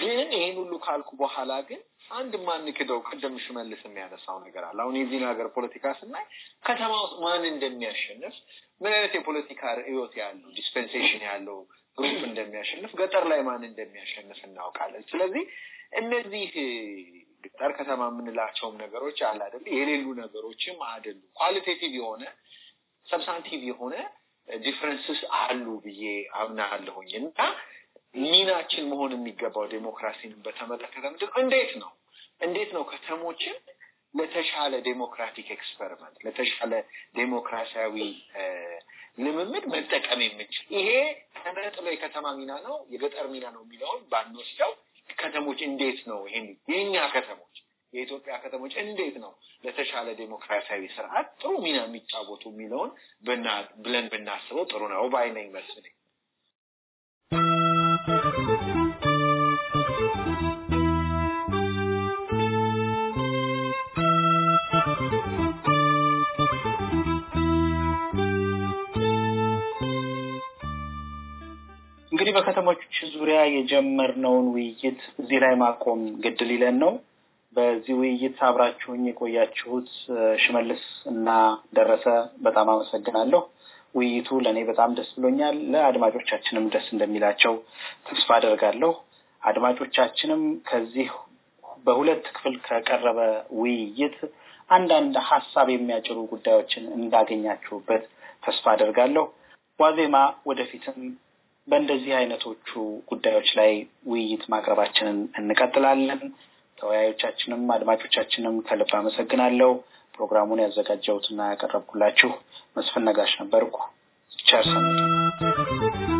Speaker 5: ግን ይህን ሁሉ ካልኩ በኋላ ግን አንድ ማንክደው ቀደም ሽመልስ የሚያነሳው ነገር አለ። አሁን የዚህን ሀገር ፖለቲካ ስናይ ከተማ ውስጥ ማን እንደሚያሸንፍ ምን አይነት የፖለቲካ ርዕዮት ያለው ዲስፔንሴሽን ያለው ግሩፕ እንደሚያሸንፍ፣ ገጠር ላይ ማን እንደሚያሸንፍ እናውቃለን። ስለዚህ እነዚህ ገጠር ከተማ የምንላቸውም ነገሮች አለ አይደለ የሌሉ ነገሮችም አይደሉ። ኳሊቴቲቭ የሆነ ሰብሳንቲቭ የሆነ ዲፍረንስስ አሉ ብዬ አምናለሁኝ እና ሚናችን መሆን የሚገባው ዴሞክራሲን በተመለከተ ምንድን እንዴት ነው እንዴት ነው ከተሞችን ለተሻለ ዴሞክራቲክ ኤክስፐሪመንት ለተሻለ ዴሞክራሲያዊ ልምምድ መጠቀም የምንችል ይሄ ተነጥሎ የከተማ ሚና ነው የገጠር ሚና ነው የሚለውን ባንወስደው ከተሞች እንዴት ነው ይሄን የኛ ከተሞች የኢትዮጵያ ከተሞች እንዴት ነው ለተሻለ ዴሞክራሲያዊ ስርዓት ጥሩ ሚና የሚጫወቱ የሚለውን ብለን ብናስበው ጥሩ ነው ባይነ ነኝ
Speaker 2: እንግዲህ በከተሞች ዙሪያ የጀመርነውን ውይይት እዚህ ላይ ማቆም ግድ ሊለን ነው። በዚህ ውይይት አብራችሁኝ የቆያችሁት ሽመልስ እና ደረሰ በጣም አመሰግናለሁ። ውይይቱ ለእኔ በጣም ደስ ብሎኛል። ለአድማጮቻችንም ደስ እንደሚላቸው ተስፋ አደርጋለሁ። አድማጮቻችንም ከዚህ በሁለት ክፍል ከቀረበ ውይይት አንዳንድ ሀሳብ የሚያጭሩ ጉዳዮችን እንዳገኛችሁበት ተስፋ አደርጋለሁ። ዋዜማ ወደፊትም በእንደዚህ አይነቶቹ ጉዳዮች ላይ ውይይት ማቅረባችንን እንቀጥላለን። ተወያዮቻችንም አድማጮቻችንም ከልብ አመሰግናለሁ። ፕሮግራሙን ያዘጋጀሁትና ያቀረብኩላችሁ መስፍን ነጋሽ ነበርኩ።
Speaker 4: ቸር ሰንብቱ።